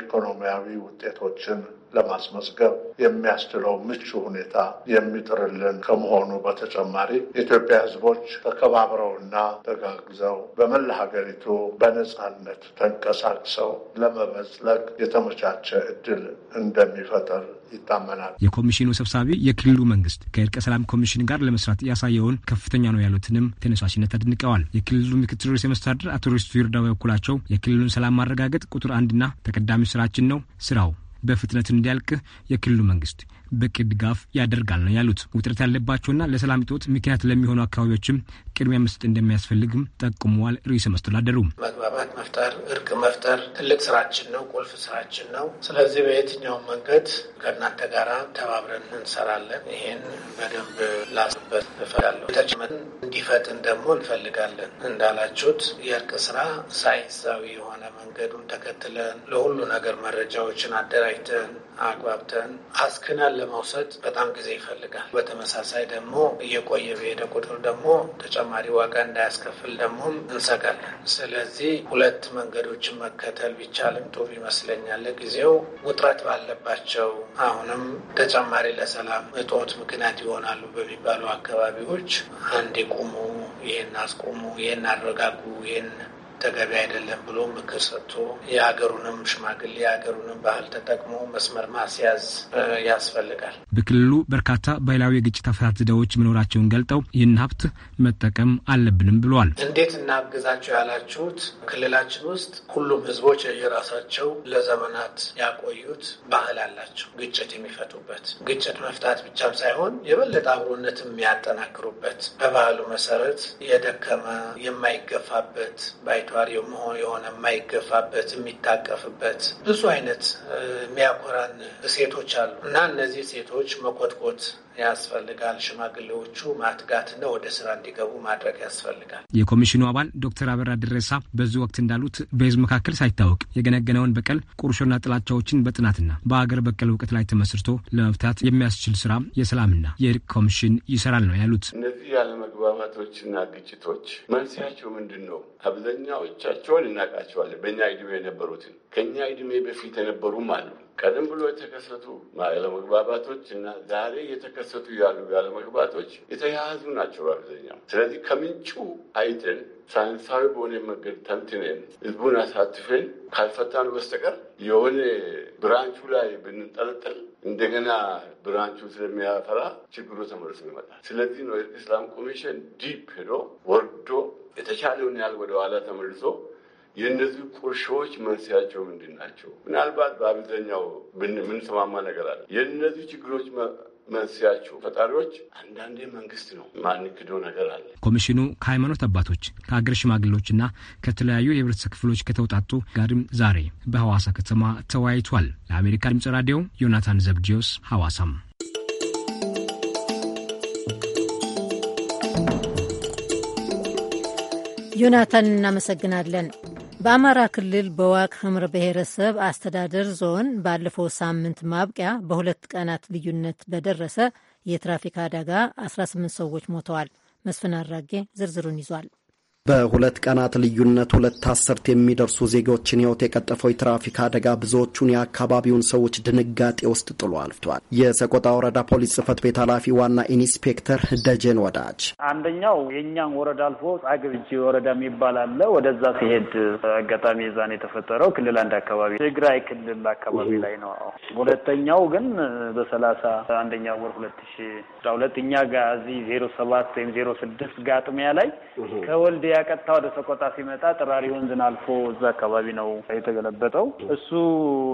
ኢኮኖሚያዊ ውጤቶችን ለማስመዝገብ የሚያስችለው ምቹ ሁኔታ የሚጥርልን ከመሆኑ በተጨማሪ የኢትዮጵያ ሕዝቦች ተከባብረውና ተጋግዘው በመላ ሀገሪቱ በነጻነት ተንቀሳቅሰው ለመበዝለቅ የተመቻቸ እድል እንደሚፈጠር ይታመናል። የኮሚሽኑ ሰብሳቢ የክልሉ መንግስት ከእርቀ ሰላም ኮሚሽን ጋር ለመስራት ያሳየውን ከፍተኛ ነው ያሉትንም ተነሳሽነት አድንቀዋል። የክልሉ ምክትል ርዕሰ መስተዳድር አቶ ሪስቱ ይርዳ በበኩላቸው የክልሉን ሰላም ማረጋገጥ ቁጥር አንድና ተቀዳሚ ስራችን ነው። ስራው በፍጥነት እንዲያልቅ የክልሉ መንግስት በቂ ድጋፍ ያደርጋል ነው ያሉት። ውጥረት ያለባቸውና ለሰላም እጦት ምክንያት ለሚሆኑ አካባቢዎችም ቅድሚያ መስጠት እንደሚያስፈልግም ጠቁመዋል። ርዕሰ መስተዳድሩ መግባባት መፍጠር፣ እርቅ መፍጠር ትልቅ ስራችን ነው፣ ቁልፍ ስራችን ነው። ስለዚህ በየትኛውም መንገድ ከእናንተ ጋራ ተባብረን እንሰራለን። ይህን በደንብ ላስበት እፈልጋለሁ። ተችመን እንዲፈጥን ደግሞ እንፈልጋለን። እንዳላችሁት የእርቅ ስራ ሳይንሳዊ የሆነ መንገዱን ተከትለን ለሁሉ ነገር መረጃዎችን አደራጅተን አግባብተን አስክናን ለመውሰድ በጣም ጊዜ ይፈልጋል። በተመሳሳይ ደግሞ እየቆየ በሄደ ቁጥር ደግሞ ተጨማሪ ዋጋ እንዳያስከፍል ደግሞም እንሰጋለን። ስለዚህ ሁለት መንገዶችን መከተል ቢቻልም ጥሩ ይመስለኛል። ጊዜው ውጥረት ባለባቸው አሁንም ተጨማሪ ለሰላም እጦት ምክንያት ይሆናሉ በሚባሉ አካባቢዎች አንድ ቁሙ፣ ይህን አስቁሙ፣ ይህን አረጋጉ፣ ይህን ተገቢ አይደለም ብሎ ምክር ሰጥቶ የሀገሩንም ሽማግሌ የሀገሩንም ባህል ተጠቅሞ መስመር ማስያዝ ያስፈልጋል። በክልሉ በርካታ ባህላዊ የግጭት አፈታት ዘዴዎች መኖራቸውን ገልጠው ይህን ሀብት መጠቀም አለብንም ብሏል እንዴት እናግዛቸው ያላችሁት ክልላችን ውስጥ ሁሉም ህዝቦች የራሳቸው ለዘመናት ያቆዩት ባህል አላቸው። ግጭት የሚፈቱበት ግጭት መፍታት ብቻም ሳይሆን የበለጠ አብሮነትም የሚያጠናክሩበት በባህሉ መሰረት የደከመ የማይገፋበት ባይ ተዋሪ የሆነ የማይገፋበት የሚታቀፍበት ብዙ አይነት የሚያኮራን ሴቶች አሉ እና እነዚህ ሴቶች መኮትኮት ያስፈልጋል። ሽማግሌዎቹ ማትጋትና ወደ ስራ እንዲገቡ ማድረግ ያስፈልጋል። የኮሚሽኑ አባል ዶክተር አበራ ድሬሳ በዚህ ወቅት እንዳሉት በህዝብ መካከል ሳይታወቅ የገነገነውን በቀል ቁርሾና ጥላቻዎችን በጥናትና በአገር በቀል እውቀት ላይ ተመስርቶ ለመፍታት የሚያስችል ስራ የሰላምና የእርቅ ኮሚሽን ይሰራል ነው ያሉት። እነዚህ ያለመግባባቶችና ግጭቶች መንስያቸው ምንድን ነው? አብዛኛዎቻቸውን እናውቃቸዋለን። በእኛ እድሜ የነበሩትን ከእኛ እድሜ በፊት የነበሩም አሉ ቀደም ብሎ የተከሰቱ ያለመግባባቶች እና ዛሬ የተከሰቱ ያሉ ያለመግባባቶች የተያያዙ ናቸው አብዛኛው። ስለዚህ ከምንጩ አይተን ሳይንሳዊ በሆነ መንገድ ተንትነን ህዝቡን አሳትፈን ካልፈታን በስተቀር የሆነ ብራንቹ ላይ ብንጠለጠል እንደገና ብራንቹ ስለሚያፈራ ችግሩ ተመልሶ ይመጣል። ስለዚህ ነው ኢስላም ኮሚሽን ዲፕ ሄዶ ወርዶ የተቻለውን ያህል ወደኋላ ተመልሶ የእነዚህ ቁርሾዎች መንስያቸው ምንድን ናቸው? ምናልባት በአብዛኛው የምንሰማማ ነገር አለ። የእነዚህ ችግሮች መንስያቸው ፈጣሪዎች አንዳንዴ መንግስት ነው። ማንክደው ነገር አለ። ኮሚሽኑ ከሃይማኖት አባቶች ከአገር ሽማግሌዎችና ከተለያዩ የህብረተሰብ ክፍሎች ከተውጣጡ ጋርም ዛሬ በሐዋሳ ከተማ ተወያይቷል። ለአሜሪካ ድምጽ ራዲዮ ዮናታን ዘብዲዮስ ሐዋሳም ዮናታን እናመሰግናለን። በአማራ ክልል በዋግ ኽምራ ብሔረሰብ አስተዳደር ዞን ባለፈው ሳምንት ማብቂያ በሁለት ቀናት ልዩነት በደረሰ የትራፊክ አደጋ 18 ሰዎች ሞተዋል። መስፍን አራጌ ዝርዝሩን ይዟል። በሁለት ቀናት ልዩነት ሁለት አስርት የሚደርሱ ዜጎችን ህይወት የቀጠፈው የትራፊክ አደጋ ብዙዎቹን የአካባቢውን ሰዎች ድንጋጤ ውስጥ ጥሎ አልፍቷል። የሰቆጣ ወረዳ ፖሊስ ጽህፈት ቤት ኃላፊ ዋና ኢንስፔክተር ደጀን ወዳጅ አንደኛው የእኛን ወረዳ አልፎ ጻግብጅ ወረዳ የሚባል አለ። ወደዛ ሲሄድ አጋጣሚ ዛን የተፈጠረው ክልል አንድ አካባቢ ትግራይ ክልል አካባቢ ላይ ነው። ሁለተኛው ግን በሰላሳ አንደኛ ወር ሁለት ሺ ሁለት እኛ ጋ እዚህ ዜሮ ሰባት ወይም ዜሮ ስድስት ጋጥሚያ ላይ ከወልድ ያ ቀጥታ ወደ ሰቆጣ ሲመጣ ጥራሪ ወንዝን አልፎ እዛ አካባቢ ነው የተገለበጠው። እሱ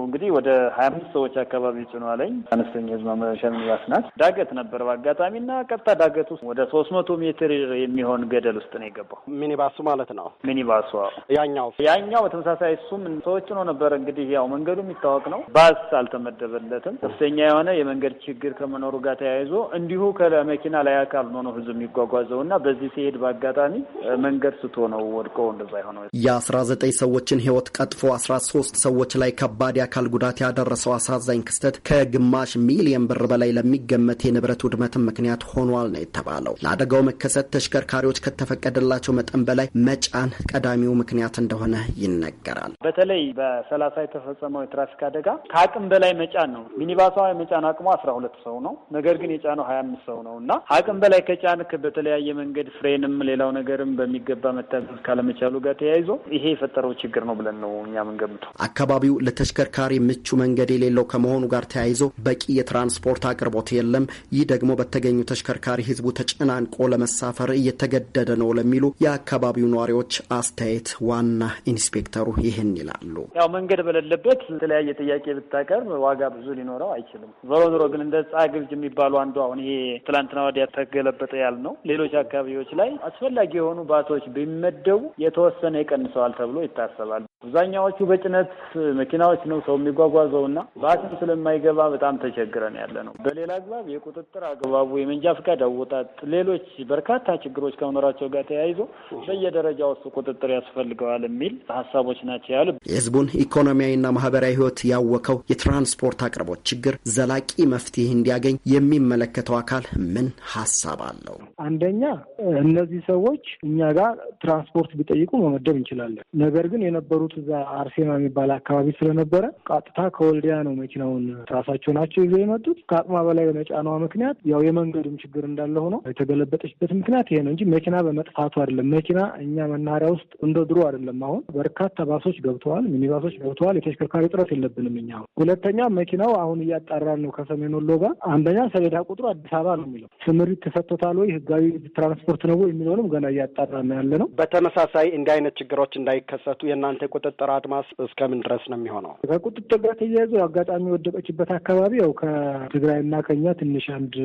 እንግዲህ ወደ ሀያ አምስት ሰዎች አካባቢ ጭኖ አለኝ። አነስተኛ ህዝብ ማመላለሻ ሚኒባስ ናት። ዳገት ነበር በአጋጣሚ እና ቀጥታ ዳገት ውስጥ ወደ ሶስት መቶ ሜትር የሚሆን ገደል ውስጥ ነው የገባው። ሚኒባሱ ማለት ነው። ሚኒባሱ ያኛው ያኛው በተመሳሳይ እሱም ሰዎች ጭኖ ነበር። እንግዲህ ያው መንገዱ የሚታወቅ ነው። ባስ አልተመደበለትም። ከፍተኛ የሆነ የመንገድ ችግር ከመኖሩ ጋር ተያይዞ እንዲሁ ከመኪና ላይ አካል ሆኖ ህዝብ የሚጓጓዘው እና በዚህ ሲሄድ በአጋጣሚ መንገድ ነገር ነው ወድቆ እንደዛ የሆነው። የአስራ ዘጠኝ ሰዎችን ህይወት ቀጥፎ አስራ ሶስት ሰዎች ላይ ከባድ የአካል ጉዳት ያደረሰው አሳዛኝ ክስተት ከግማሽ ሚሊየን ብር በላይ ለሚገመት የንብረት ውድመትን ምክንያት ሆኗል ነው የተባለው። ለአደጋው መከሰት ተሽከርካሪዎች ከተፈቀደላቸው መጠን በላይ መጫን ቀዳሚው ምክንያት እንደሆነ ይነገራል። በተለይ በሰላሳ የተፈጸመው የትራፊክ አደጋ ከአቅም በላይ መጫን ነው። ሚኒባሷ የመጫን አቅሙ አስራ ሁለት ሰው ነው። ነገር ግን የጫነው ሀያ አምስት ሰው ነው እና አቅም በላይ ከጫንክ በተለያየ መንገድ ፍሬንም ሌላው ነገርም በሚገባ በሚገባ መታዘዝ ካለመቻሉ ጋር ተያይዞ ይሄ የፈጠረው ችግር ነው ብለን ነው እኛ የምንገምተው። አካባቢው ለተሽከርካሪ ምቹ መንገድ የሌለው ከመሆኑ ጋር ተያይዞ በቂ የትራንስፖርት አቅርቦት የለም። ይህ ደግሞ በተገኙ ተሽከርካሪ ህዝቡ ተጨናንቆ ለመሳፈር እየተገደደ ነው ለሚሉ የአካባቢው ነዋሪዎች አስተያየት ዋና ኢንስፔክተሩ ይህን ይላሉ። ያው መንገድ በሌለበት የተለያየ ጥያቄ ብታቀርብ ዋጋ ብዙ ሊኖረው አይችልም። ዞሮ ዞሮ ግን እንደ ጻ ግብጅ የሚባሉ አንዱ አሁን ይሄ ትላንትና ወዲያ ተገለበጠ ያል ነው ሌሎች አካባቢዎች ላይ አስፈላጊ የሆኑ ባሶች ቢመደቡ የተወሰነ ይቀንሰዋል ተብሎ ይታሰባል። አብዛኛዎቹ በጭነት መኪናዎች ነው ሰው የሚጓጓዘው እና ባስም ስለማይገባ በጣም ተቸግረን ያለ ነው። በሌላ አግባብ የቁጥጥር አግባቡ፣ የመንጃ ፈቃድ አወጣጥ፣ ሌሎች በርካታ ችግሮች ከመኖራቸው ጋር ተያይዞ በየደረጃው ውስጥ ቁጥጥር ያስፈልገዋል የሚል ሀሳቦች ናቸው ያሉ። የህዝቡን ኢኮኖሚያዊና ማህበራዊ ህይወት ያወከው የትራንስፖርት አቅርቦት ችግር ዘላቂ መፍትሄ እንዲያገኝ የሚመለከተው አካል ምን ሀሳብ አለው? አንደኛ እነዚህ ሰዎች እኛ ጋር ትራንስፖርት ቢጠይቁ መመደብ እንችላለን። ነገር ግን የነበሩት እዛ አርሴማ የሚባል አካባቢ ስለነበረ ቀጥታ ከወልዲያ ነው መኪናውን ራሳቸው ናቸው ይዘው የመጡት። ከአቅማ በላይ በመጫኗ ምክንያት ያው የመንገዱም ችግር እንዳለ ሆኖ የተገለበጠችበት ምክንያት ይሄ ነው እንጂ መኪና በመጥፋቱ አይደለም። መኪና እኛ መናኸሪያ ውስጥ እንደ ድሮ አይደለም። አሁን በርካታ ባሶች ገብተዋል፣ ሚኒባሶች ገብተዋል። የተሽከርካሪ እጥረት የለብንም እኛ። ሁለተኛ መኪናው አሁን እያጣራን ነው ከሰሜን ወሎ ጋር። አንደኛ ሰሌዳ ቁጥሩ አዲስ አበባ ነው የሚለው ስምሪት ተሰጥቶታል ወይ ህጋዊ ትራንስፖርት ነው የሚለውንም ገና እያጣራ ነው ያለ ያለ ነው። በተመሳሳይ እንዲህ አይነት ችግሮች እንዳይከሰቱ የእናንተ የቁጥጥር አድማስ እስከምን ድረስ ነው የሚሆነው? ከቁጥጥር ጋር ተያይዞ አጋጣሚ የወደቀችበት አካባቢ ያው ከትግራይና ከኛ ትንሽ አንድ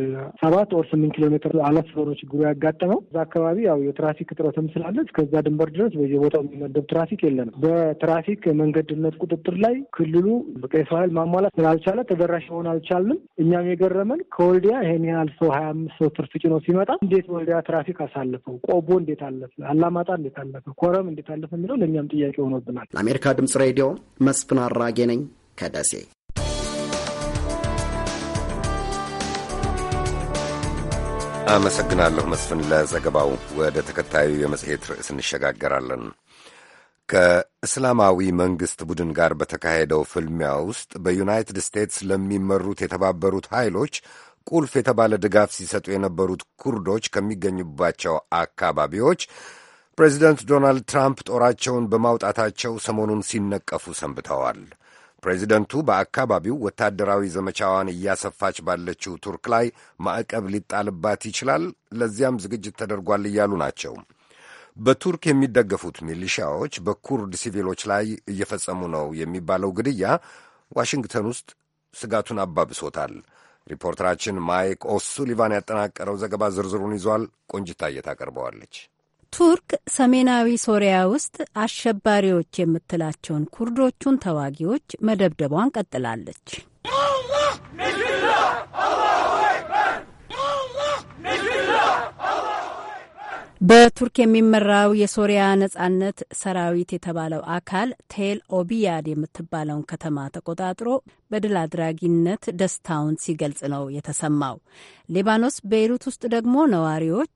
ሰባት ወር ስምንት ኪሎ ሜትር አለፍ ብሎ ችግሩ ያጋጠመው እዛ አካባቢ ያው የትራፊክ እጥረትም ስላለ እስከዛ ድንበር ድረስ በየቦታው የሚመደብ ትራፊክ የለንም። በትራፊክ መንገድነት ቁጥጥር ላይ ክልሉ በቀይ ሰው ኃይል ማሟላት ስላልቻለ ተደራሽ መሆን አልቻልንም። እኛም የገረመን ከወልዲያ ይሄን ያህል ሰው ሀያ አምስት ሰው ትርፍ ጭኖ ሲመጣ እንዴት ወልዲያ ትራፊክ አሳልፈው ቆቦ እንዴት አለፈ አላማጣ እንዴት አለፈ፣ ኮረም እንዴት አለፈ የሚለው ለእኛም ጥያቄ ሆኖብናል። ለአሜሪካ ድምጽ ሬዲዮ መስፍን አራጌ ነኝ ከደሴ። አመሰግናለሁ መስፍን ለዘገባው። ወደ ተከታዩ የመጽሔት ርዕስ እንሸጋገራለን። ከእስላማዊ መንግሥት ቡድን ጋር በተካሄደው ፍልሚያ ውስጥ በዩናይትድ ስቴትስ ለሚመሩት የተባበሩት ኃይሎች ቁልፍ የተባለ ድጋፍ ሲሰጡ የነበሩት ኩርዶች ከሚገኙባቸው አካባቢዎች ፕሬዚደንት ዶናልድ ትራምፕ ጦራቸውን በማውጣታቸው ሰሞኑን ሲነቀፉ ሰንብተዋል። ፕሬዚደንቱ በአካባቢው ወታደራዊ ዘመቻዋን እያሰፋች ባለችው ቱርክ ላይ ማዕቀብ ሊጣልባት ይችላል፣ ለዚያም ዝግጅት ተደርጓል እያሉ ናቸው። በቱርክ የሚደገፉት ሚሊሺያዎች በኩርድ ሲቪሎች ላይ እየፈጸሙ ነው የሚባለው ግድያ ዋሽንግተን ውስጥ ስጋቱን አባብሶታል። ሪፖርተራችን ማይክ ኦሱሊቫን ያጠናቀረው ዘገባ ዝርዝሩን ይዟል። ቆንጅታ ታቀርበዋለች። ቱርክ ሰሜናዊ ሶሪያ ውስጥ አሸባሪዎች የምትላቸውን ኩርዶቹን ተዋጊዎች መደብደቧን ቀጥላለች። በቱርክ የሚመራው የሶሪያ ነጻነት ሰራዊት የተባለው አካል ቴል ኦቢያድ የምትባለውን ከተማ ተቆጣጥሮ በድል አድራጊነት ደስታውን ሲገልጽ ነው የተሰማው። ሊባኖስ ቤይሩት ውስጥ ደግሞ ነዋሪዎች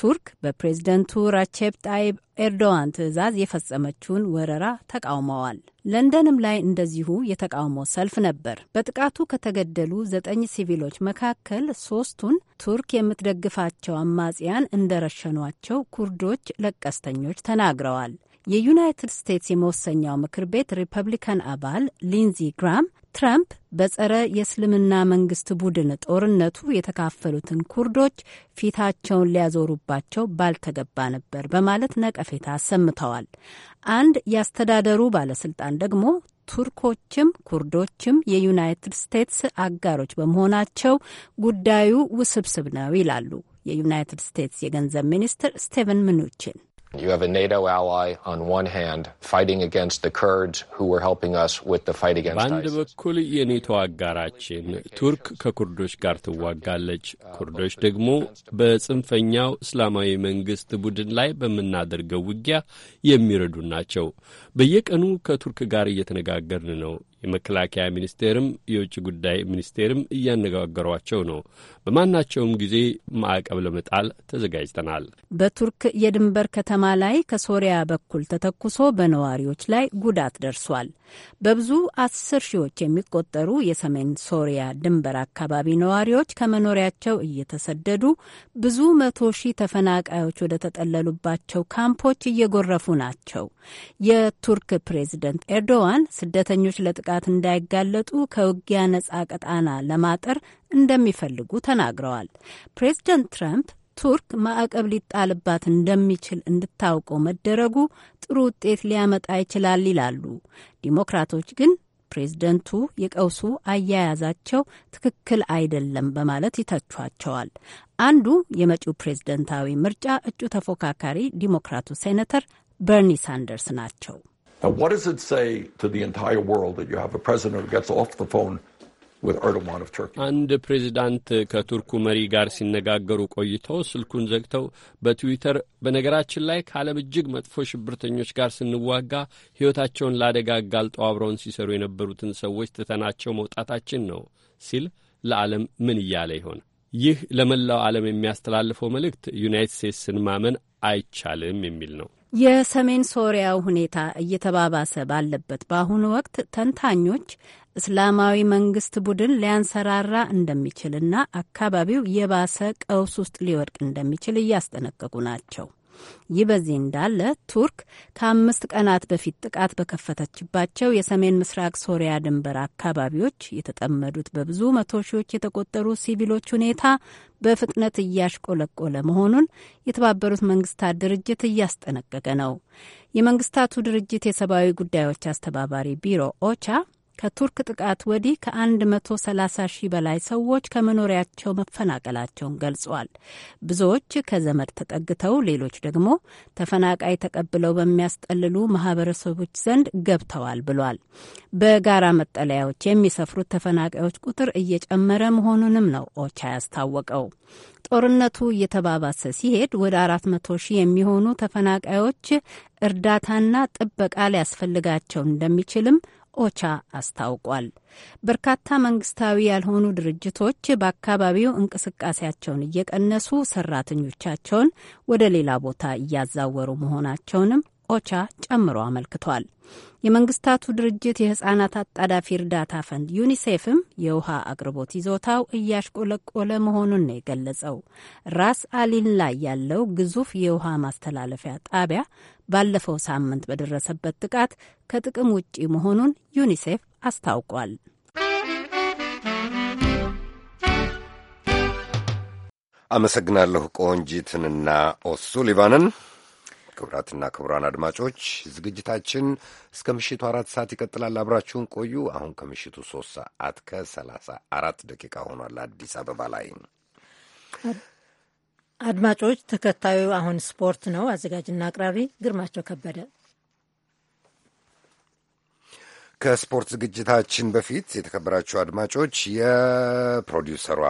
ቱርክ በፕሬዝደንቱ ራቼፕ ጣይብ ኤርዶዋን ትዕዛዝ የፈጸመችውን ወረራ ተቃውመዋል። ለንደንም ላይ እንደዚሁ የተቃውሞ ሰልፍ ነበር። በጥቃቱ ከተገደሉ ዘጠኝ ሲቪሎች መካከል ሶስቱን ቱርክ የምትደግፋቸው አማጽያን እንደረሸኗቸው ኩርዶች ለቀስተኞች ተናግረዋል። የዩናይትድ ስቴትስ የመወሰኛው ምክር ቤት ሪፐብሊካን አባል ሊንዚ ግራም ትራምፕ በጸረ የእስልምና መንግስት ቡድን ጦርነቱ የተካፈሉትን ኩርዶች ፊታቸውን ሊያዞሩባቸው ባልተገባ ነበር በማለት ነቀፌታ አሰምተዋል። አንድ ያስተዳደሩ ባለስልጣን ደግሞ ቱርኮችም ኩርዶችም የዩናይትድ ስቴትስ አጋሮች በመሆናቸው ጉዳዩ ውስብስብ ነው ይላሉ። የዩናይትድ ስቴትስ የገንዘብ ሚኒስትር ስቴቨን ምኑቺን You have a NATO ally on one hand fighting against the Kurds who were helping us with the fight against ISIS. በአንድ በኩል የኔቶ አጋራችን ቱርክ ከኩርዶች ጋር ትዋጋለች። ኩርዶች ደግሞ በጽንፈኛው እስላማዊ መንግስት ቡድን ላይ በምናደርገው ውጊያ የሚረዱ ናቸው። በየቀኑ ከቱርክ ጋር እየተነጋገርን ነው። የመከላከያ ሚኒስቴርም የውጭ ጉዳይ ሚኒስቴርም እያነጋገሯቸው ነው። በማናቸውም ጊዜ ማዕቀብ ለመጣል ተዘጋጅተናል። በቱርክ የድንበር ከተማ ላይ ከሶሪያ በኩል ተተኩሶ በነዋሪዎች ላይ ጉዳት ደርሷል። በብዙ አስር ሺዎች የሚቆጠሩ የሰሜን ሶሪያ ድንበር አካባቢ ነዋሪዎች ከመኖሪያቸው እየተሰደዱ ብዙ መቶ ሺህ ተፈናቃዮች ወደ ተጠለሉባቸው ካምፖች እየጎረፉ ናቸው። የቱርክ ፕሬዝደንት ኤርዶዋን ስደተኞች ለጥቃት እንዳይጋለጡ ከውጊያ ነጻ ቀጣና ለማጠር እንደሚፈልጉ ተናግረዋል። ፕሬዝደንት ትራምፕ ቱርክ ማዕቀብ ሊጣልባት እንደሚችል እንድታውቀው መደረጉ ጥሩ ውጤት ሊያመጣ ይችላል ይላሉ። ዲሞክራቶች ግን ፕሬዝደንቱ የቀውሱ አያያዛቸው ትክክል አይደለም በማለት ይተቿቸዋል። አንዱ የመጪው ፕሬዝደንታዊ ምርጫ እጩ ተፎካካሪ ዲሞክራቱ ሴኔተር በርኒ ሳንደርስ ናቸው። Now, what does it say to the entire world that you have a president who gets off the phone አንድ ፕሬዚዳንት ከቱርኩ መሪ ጋር ሲነጋገሩ ቆይተው ስልኩን ዘግተው በትዊተር በነገራችን ላይ ከዓለም እጅግ መጥፎ ሽብርተኞች ጋር ስንዋጋ ሕይወታቸውን ለአደጋ አጋልጠው አብረውን ሲሰሩ የነበሩትን ሰዎች ትተናቸው መውጣታችን ነው ሲል ለዓለም ምን እያለ ይሆን? ይህ ለመላው ዓለም የሚያስተላልፈው መልእክት ዩናይትድ ስቴትስን ማመን አይቻልም የሚል ነው። የሰሜን ሶሪያው ሁኔታ እየተባባሰ ባለበት በአሁኑ ወቅት ተንታኞች እስላማዊ መንግስት ቡድን ሊያንሰራራ እንደሚችልና አካባቢው የባሰ ቀውስ ውስጥ ሊወድቅ እንደሚችል እያስጠነቀቁ ናቸው። ይህ በዚህ እንዳለ ቱርክ ከአምስት ቀናት በፊት ጥቃት በከፈተችባቸው የሰሜን ምስራቅ ሶሪያ ድንበር አካባቢዎች የተጠመዱት በብዙ መቶ ሺዎች የተቆጠሩ ሲቪሎች ሁኔታ በፍጥነት እያሽቆለቆለ መሆኑን የተባበሩት መንግስታት ድርጅት እያስጠነቀቀ ነው። የመንግስታቱ ድርጅት የሰብአዊ ጉዳዮች አስተባባሪ ቢሮ ኦቻ ከቱርክ ጥቃት ወዲህ ከ130 ሺህ በላይ ሰዎች ከመኖሪያቸው መፈናቀላቸውን ገልጿል። ብዙዎች ከዘመድ ተጠግተው፣ ሌሎች ደግሞ ተፈናቃይ ተቀብለው በሚያስጠልሉ ማህበረሰቦች ዘንድ ገብተዋል ብሏል። በጋራ መጠለያዎች የሚሰፍሩት ተፈናቃዮች ቁጥር እየጨመረ መሆኑንም ነው ኦቻ ያስታወቀው። ጦርነቱ እየተባባሰ ሲሄድ ወደ አራት መቶ ሺህ የሚሆኑ ተፈናቃዮች እርዳታና ጥበቃ ሊያስፈልጋቸው እንደሚችልም ኦቻ አስታውቋል። በርካታ መንግስታዊ ያልሆኑ ድርጅቶች በአካባቢው እንቅስቃሴያቸውን እየቀነሱ ሰራተኞቻቸውን ወደ ሌላ ቦታ እያዛወሩ መሆናቸውንም ኦቻ ጨምሮ አመልክቷል። የመንግስታቱ ድርጅት የህጻናት አጣዳፊ እርዳታ ፈንድ ዩኒሴፍም የውሃ አቅርቦት ይዞታው እያሽቆለቆለ መሆኑን ነው የገለጸው። ራስ አሊን ላይ ያለው ግዙፍ የውሃ ማስተላለፊያ ጣቢያ ባለፈው ሳምንት በደረሰበት ጥቃት ከጥቅም ውጪ መሆኑን ዩኒሴፍ አስታውቋል። አመሰግናለሁ ቆንጂትንና ኦሱሊቫንን። ክቡራትና ክቡራን አድማጮች ዝግጅታችን እስከ ምሽቱ አራት ሰዓት ይቀጥላል። አብራችሁን ቆዩ። አሁን ከምሽቱ ሶስት ሰዓት ከሰላሳ አራት ደቂቃ ሆኗል አዲስ አበባ ላይ። አድማጮች ተከታዩ አሁን ስፖርት ነው። አዘጋጅና አቅራቢ ግርማቸው ከበደ። ከስፖርት ዝግጅታችን በፊት የተከበራችሁ አድማጮች የፕሮዲውሰሯ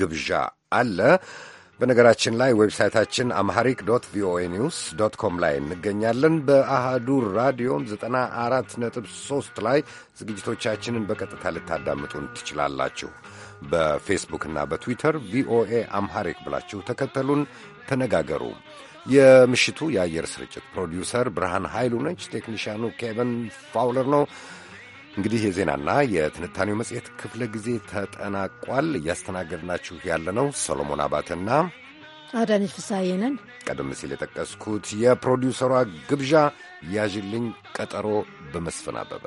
ግብዣ አለ። በነገራችን ላይ ዌብሳይታችን አምሃሪክ ዶት ቪኦኤ ኒውስ ዶት ኮም ላይ እንገኛለን። በአሃዱ ራዲዮም 94.3 ላይ ዝግጅቶቻችንን በቀጥታ ልታዳምጡን ትችላላችሁ። በፌስቡክና በትዊተር ቪኦኤ አምሃሪክ ብላችሁ ተከተሉን፣ ተነጋገሩ። የምሽቱ የአየር ስርጭት ፕሮዲውሰር ብርሃን ኃይሉ ነች። ቴክኒሽያኑ ኬቨን ፋውለር ነው። እንግዲህ የዜናና የትንታኔው መጽሔት ክፍለ ጊዜ ተጠናቋል። እያስተናገድናችሁ ያለነው ሰሎሞን አባትና አዳነች ነን። ቀደም ሲል የጠቀስኩት የፕሮዲውሰሯ ግብዣ ያዥልኝ ቀጠሮ በመስፍን አበበ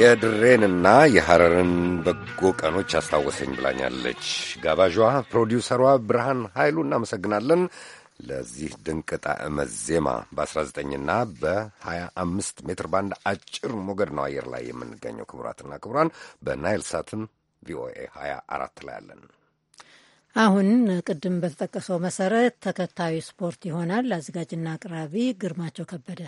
የድሬንና የሐረርን በጎ ቀኖች አስታወሰኝ ብላኛለች ጋባዧ ፕሮዲውሰሯ ብርሃን ኃይሉ እናመሰግናለን። ለዚህ ድንቅ ጣዕመ ዜማ በ19ና በ25 ሜትር ባንድ አጭር ሞገድ ነው አየር ላይ የምንገኘው። ክቡራትና ክቡራን በናይል ሳትም ቪኦኤ 24 ላይ አለን። አሁን ቅድም በተጠቀሰው መሰረት ተከታዩ ስፖርት ይሆናል። አዘጋጅና አቅራቢ ግርማቸው ከበደ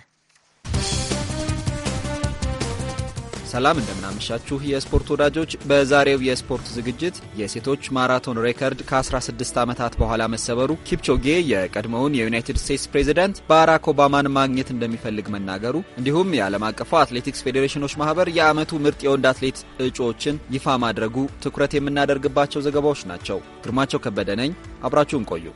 ሰላም እንደምናመሻችሁ የስፖርት ወዳጆች። በዛሬው የስፖርት ዝግጅት የሴቶች ማራቶን ሬከርድ ከ16 ዓመታት በኋላ መሰበሩ፣ ኪፕቾጌ የቀድሞውን የዩናይትድ ስቴትስ ፕሬዚደንት ባራክ ኦባማን ማግኘት እንደሚፈልግ መናገሩ፣ እንዲሁም የዓለም አቀፉ አትሌቲክስ ፌዴሬሽኖች ማህበር የዓመቱ ምርጥ የወንድ አትሌት እጩዎችን ይፋ ማድረጉ ትኩረት የምናደርግባቸው ዘገባዎች ናቸው። ግርማቸው ከበደ ነኝ። አብራችሁን ቆዩ።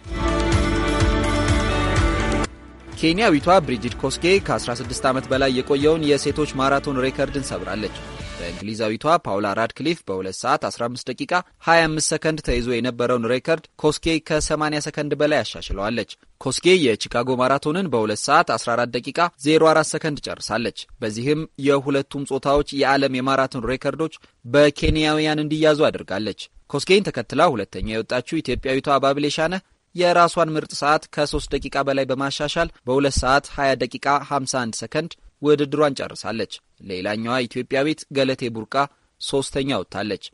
ኬንያዊቷ ብሪጅድ ኮስጌ ከ16 ዓመት በላይ የቆየውን የሴቶች ማራቶን ሬከርድን ሰብራለች። በእንግሊዛዊቷ ፓውላ ራድክሊፍ በ2 ሰዓት 15 ደቂቃ 25 ሰከንድ ተይዞ የነበረውን ሬከርድ ኮስጌ ከ80 ሰከንድ በላይ አሻሽለዋለች። ኮስጌ የቺካጎ ማራቶንን በ2 ሰዓት 14 ደቂቃ 04 ሰከንድ ጨርሳለች። በዚህም የሁለቱም ጾታዎች የዓለም የማራቶን ሬከርዶች በኬንያውያን እንዲያዙ አድርጋለች። ኮስጌን ተከትላ ሁለተኛ የወጣችው ኢትዮጵያዊቷ አባብሌ ሻነ የራሷን ምርጥ ሰዓት ከ3 ደቂቃ በላይ በማሻሻል በ2 ሰዓት 20 ደቂቃ 51 ሰከንድ ውድድሯን ጨርሳለች። ሌላኛዋ ኢትዮጵያዊት ገለቴ ቡርቃ ሦስተኛ ወጥታለች።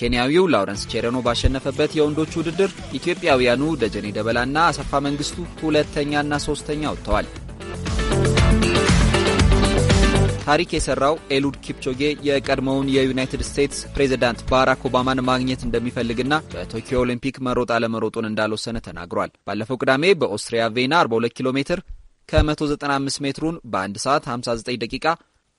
ኬንያዊው ላውረንስ ቼረኖ ባሸነፈበት የወንዶች ውድድር ኢትዮጵያውያኑ ደጀኔ ደበላና አሰፋ መንግስቱ ሁለተኛና ሦስተኛ ወጥተዋል። ታሪክ የሰራው ኤሉድ ኪፕቾጌ የቀድሞውን የዩናይትድ ስቴትስ ፕሬዚዳንት ባራክ ኦባማን ማግኘት እንደሚፈልግና በቶኪዮ ኦሊምፒክ መሮጥ አለመሮጡን እንዳልወሰነ ተናግሯል። ባለፈው ቅዳሜ በኦስትሪያ ቬና 42 ኪሎ ሜትር ከ195 ሜትሩን በ1 ሰዓት 59 ደቂቃ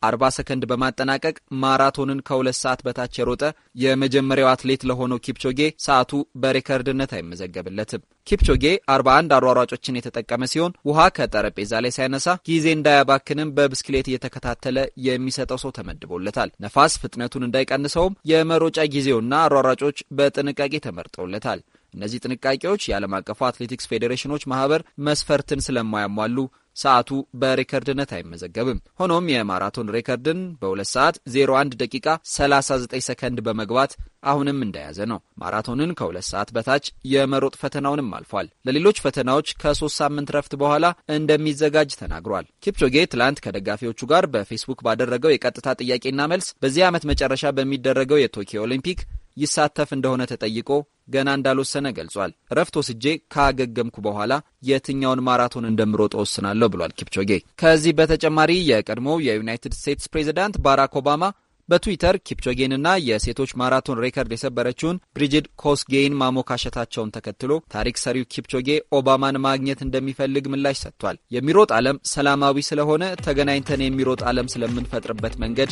40 ሰከንድ በማጠናቀቅ ማራቶንን ከሁለት ሰዓት በታች የሮጠ የመጀመሪያው አትሌት ለሆነው ኪፕቾጌ ሰዓቱ በሬከርድነት አይመዘገብለትም። ኪፕቾጌ 41 አሯሯጮችን የተጠቀመ ሲሆን ውሃ ከጠረጴዛ ላይ ሳያነሳ ጊዜ እንዳያባክንም በብስክሌት እየተከታተለ የሚሰጠው ሰው ተመድቦለታል። ነፋስ ፍጥነቱን እንዳይቀንሰውም የመሮጫ ጊዜውና አሯሯጮች በጥንቃቄ ተመርጠውለታል። እነዚህ ጥንቃቄዎች የዓለም አቀፉ አትሌቲክስ ፌዴሬሽኖች ማህበር መስፈርትን ስለማያሟሉ ሰዓቱ በሬከርድነት አይመዘገብም። ሆኖም የማራቶን ሬከርድን በ2 ሰዓት 01 ደቂቃ 39 ሰከንድ በመግባት አሁንም እንደያዘ ነው። ማራቶንን ከ2 ሰዓት በታች የመሮጥ ፈተናውንም አልፏል። ለሌሎች ፈተናዎች ከ3 ሳምንት ረፍት በኋላ እንደሚዘጋጅ ተናግሯል። ኪፕቾጌ ትላንት ከደጋፊዎቹ ጋር በፌስቡክ ባደረገው የቀጥታ ጥያቄና መልስ በዚህ ዓመት መጨረሻ በሚደረገው የቶኪዮ ኦሊምፒክ ይሳተፍ እንደሆነ ተጠይቆ ገና እንዳልወሰነ ገልጿል። እረፍት ወስጄ ካገገምኩ በኋላ የትኛውን ማራቶን እንደምሮጥ ወስናለሁ ብሏል ኪፕቾጌ። ከዚህ በተጨማሪ የቀድሞው የዩናይትድ ስቴትስ ፕሬዚዳንት ባራክ ኦባማ በትዊተር ኪፕቾጌንና የሴቶች ማራቶን ሬከርድ የሰበረችውን ብሪጅድ ኮስጌይን ማሞካሸታቸውን ተከትሎ ታሪክ ሰሪው ኪፕቾጌ ኦባማን ማግኘት እንደሚፈልግ ምላሽ ሰጥቷል። የሚሮጥ ዓለም ሰላማዊ ስለሆነ ተገናኝተን የሚሮጥ ዓለም ስለምንፈጥርበት መንገድ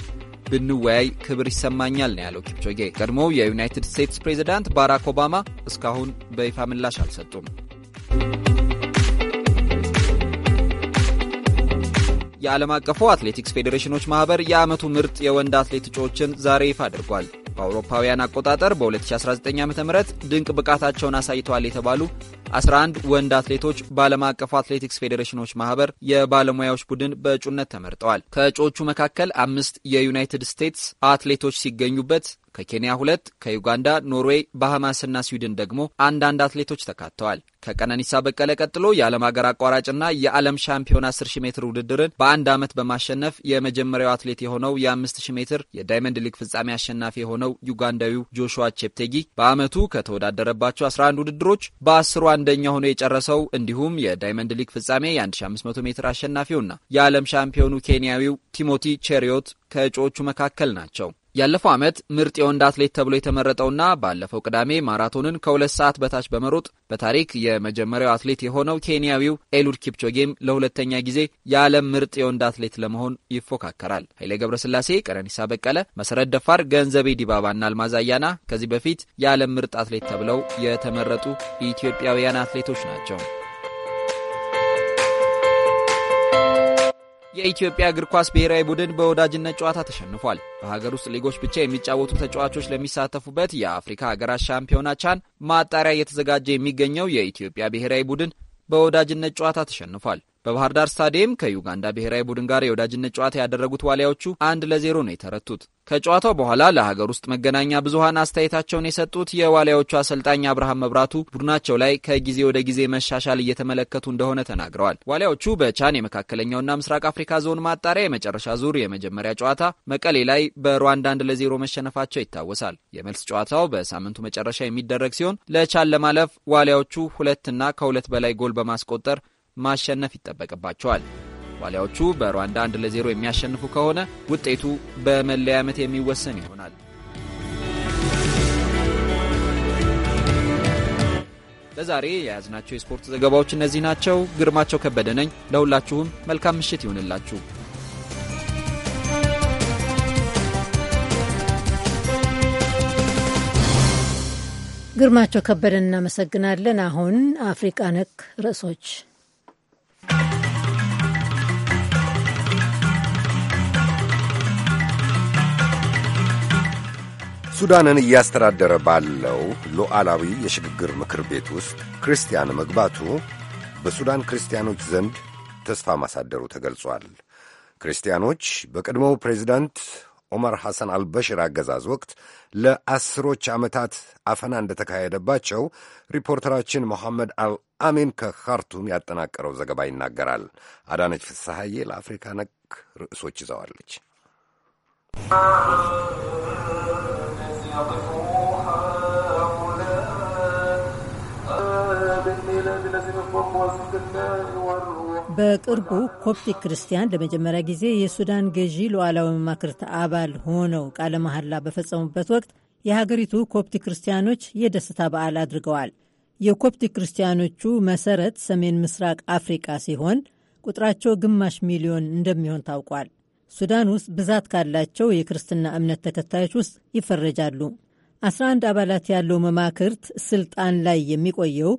ብንወያይ ክብር ይሰማኛል ነው ያለው ኪፕቾጌ። ቀድሞው የዩናይትድ ስቴትስ ፕሬዚዳንት ባራክ ኦባማ እስካሁን በይፋ ምላሽ አልሰጡም። የዓለም አቀፉ አትሌቲክስ ፌዴሬሽኖች ማኅበር የዓመቱ ምርጥ የወንድ አትሌት እጩዎችን ዛሬ ይፋ አድርጓል። በአውሮፓውያን አቆጣጠር በ2019 ዓ ም ድንቅ ብቃታቸውን አሳይተዋል የተባሉ 11 ወንድ አትሌቶች በዓለም አቀፉ አትሌቲክስ ፌዴሬሽኖች ማኅበር የባለሙያዎች ቡድን በእጩነት ተመርጠዋል። ከእጩዎቹ መካከል አምስት የዩናይትድ ስቴትስ አትሌቶች ሲገኙበት ከኬንያ ሁለት፣ ከዩጋንዳ፣ ኖርዌይ፣ ባሃማስና ስዊድን ደግሞ አንዳንድ አትሌቶች ተካተዋል። ከቀነኒሳ በቀለ ቀጥሎ የዓለም ሀገር አቋራጭና የዓለም 1 10 ሺ ሜትር ውድድርን በአንድ ዓመት በማሸነፍ የመጀመሪያው አትሌት የሆነው የ5 ሺ ሜትር የዳይመንድ ሊግ ፍጻሜ አሸናፊ የሆነው ዩጋንዳዊው ጆሹዋ ቼፕቴጊ በዓመቱ ከተወዳደረባቸው 11 ውድድሮች በአስሩ አንደኛ ሆኖ የጨረሰው እንዲሁም የዳይመንድ ሊግ ፍጻሜ የ1500 ሜትር አሸናፊውና የዓለም ሻምፒዮኑ ኬንያዊው ቲሞቲ ቼሪዮት ከእጩዎቹ መካከል ናቸው። ያለፈው ዓመት ምርጥ የወንድ አትሌት ተብሎ የተመረጠውና ባለፈው ቅዳሜ ማራቶንን ከሁለት ሰዓት በታች በመሮጥ በታሪክ የመጀመሪያው አትሌት የሆነው ኬንያዊው ኤሉድ ኪፕቾጌም ለሁለተኛ ጊዜ የዓለም ምርጥ የወንድ አትሌት ለመሆን ይፎካከራል። ኃይሌ ገብረስላሴ፣ ቀነኒሳ በቀለ፣ መሰረት ደፋር፣ ገንዘቤ ዲባባና አልማዝ አያና ከዚህ በፊት የዓለም ምርጥ አትሌት ተብለው የተመረጡ ኢትዮጵያውያን አትሌቶች ናቸው። የኢትዮጵያ እግር ኳስ ብሔራዊ ቡድን በወዳጅነት ጨዋታ ተሸንፏል። በሀገር ውስጥ ሊጎች ብቻ የሚጫወቱ ተጫዋቾች ለሚሳተፉበት የአፍሪካ ሀገራት ሻምፒዮና ቻን ማጣሪያ እየተዘጋጀ የሚገኘው የኢትዮጵያ ብሔራዊ ቡድን በወዳጅነት ጨዋታ ተሸንፏል። በባህር ዳር ስታዲየም ከዩጋንዳ ብሔራዊ ቡድን ጋር የወዳጅነት ጨዋታ ያደረጉት ዋሊያዎቹ አንድ ለዜሮ ነው የተረቱት። ከጨዋታው በኋላ ለሀገር ውስጥ መገናኛ ብዙኃን አስተያየታቸውን የሰጡት የዋሊያዎቹ አሰልጣኝ አብርሃም መብራቱ ቡድናቸው ላይ ከጊዜ ወደ ጊዜ መሻሻል እየተመለከቱ እንደሆነ ተናግረዋል። ዋሊያዎቹ በቻን የመካከለኛውና ምስራቅ አፍሪካ ዞን ማጣሪያ የመጨረሻ ዙር የመጀመሪያ ጨዋታ መቀሌ ላይ በሩዋንዳ አንድ ለዜሮ መሸነፋቸው ይታወሳል። የመልስ ጨዋታው በሳምንቱ መጨረሻ የሚደረግ ሲሆን ለቻን ለማለፍ ዋሊያዎቹ ሁለትና ከሁለት በላይ ጎል በማስቆጠር ማሸነፍ ይጠበቅባቸዋል። ዋሊያዎቹ በሩዋንዳ አንድ ለዜሮ የሚያሸንፉ ከሆነ ውጤቱ በመለያ ዓመት የሚወሰን ይሆናል። ለዛሬ የያዝናቸው የስፖርት ዘገባዎች እነዚህ ናቸው። ግርማቸው ከበደ ነኝ። ለሁላችሁም መልካም ምሽት ይሁንላችሁ። ግርማቸው ከበደን እናመሰግናለን። አሁን አፍሪቃ ነክ ርዕሶች ሱዳንን እያስተዳደረ ባለው ሉዓላዊ የሽግግር ምክር ቤት ውስጥ ክርስቲያን መግባቱ በሱዳን ክርስቲያኖች ዘንድ ተስፋ ማሳደሩ ተገልጿል። ክርስቲያኖች በቀድሞው ፕሬዚዳንት ኦመር ሐሰን አልበሽር አገዛዝ ወቅት ለአስሮች ዓመታት አፈና እንደተካሄደባቸው ሪፖርተራችን መሐመድ አል አሜን ከካርቱም ያጠናቀረው ዘገባ ይናገራል። አዳነች ፍስሐዬ ለአፍሪካ ነክ ርዕሶች ይዘዋለች። በቅርቡ ኮፕቲክ ክርስቲያን ለመጀመሪያ ጊዜ የሱዳን ገዢ ሉዓላዊ መማክርት አባል ሆነው ቃለ መሐላ በፈጸሙበት ወቅት የሀገሪቱ ኮፕቲክ ክርስቲያኖች የደስታ በዓል አድርገዋል። የኮፕቲክ ክርስቲያኖቹ መሰረት ሰሜን ምስራቅ አፍሪቃ ሲሆን ቁጥራቸው ግማሽ ሚሊዮን እንደሚሆን ታውቋል። ሱዳን ውስጥ ብዛት ካላቸው የክርስትና እምነት ተከታዮች ውስጥ ይፈረጃሉ። 11 አባላት ያለው መማክርት ስልጣን ላይ የሚቆየው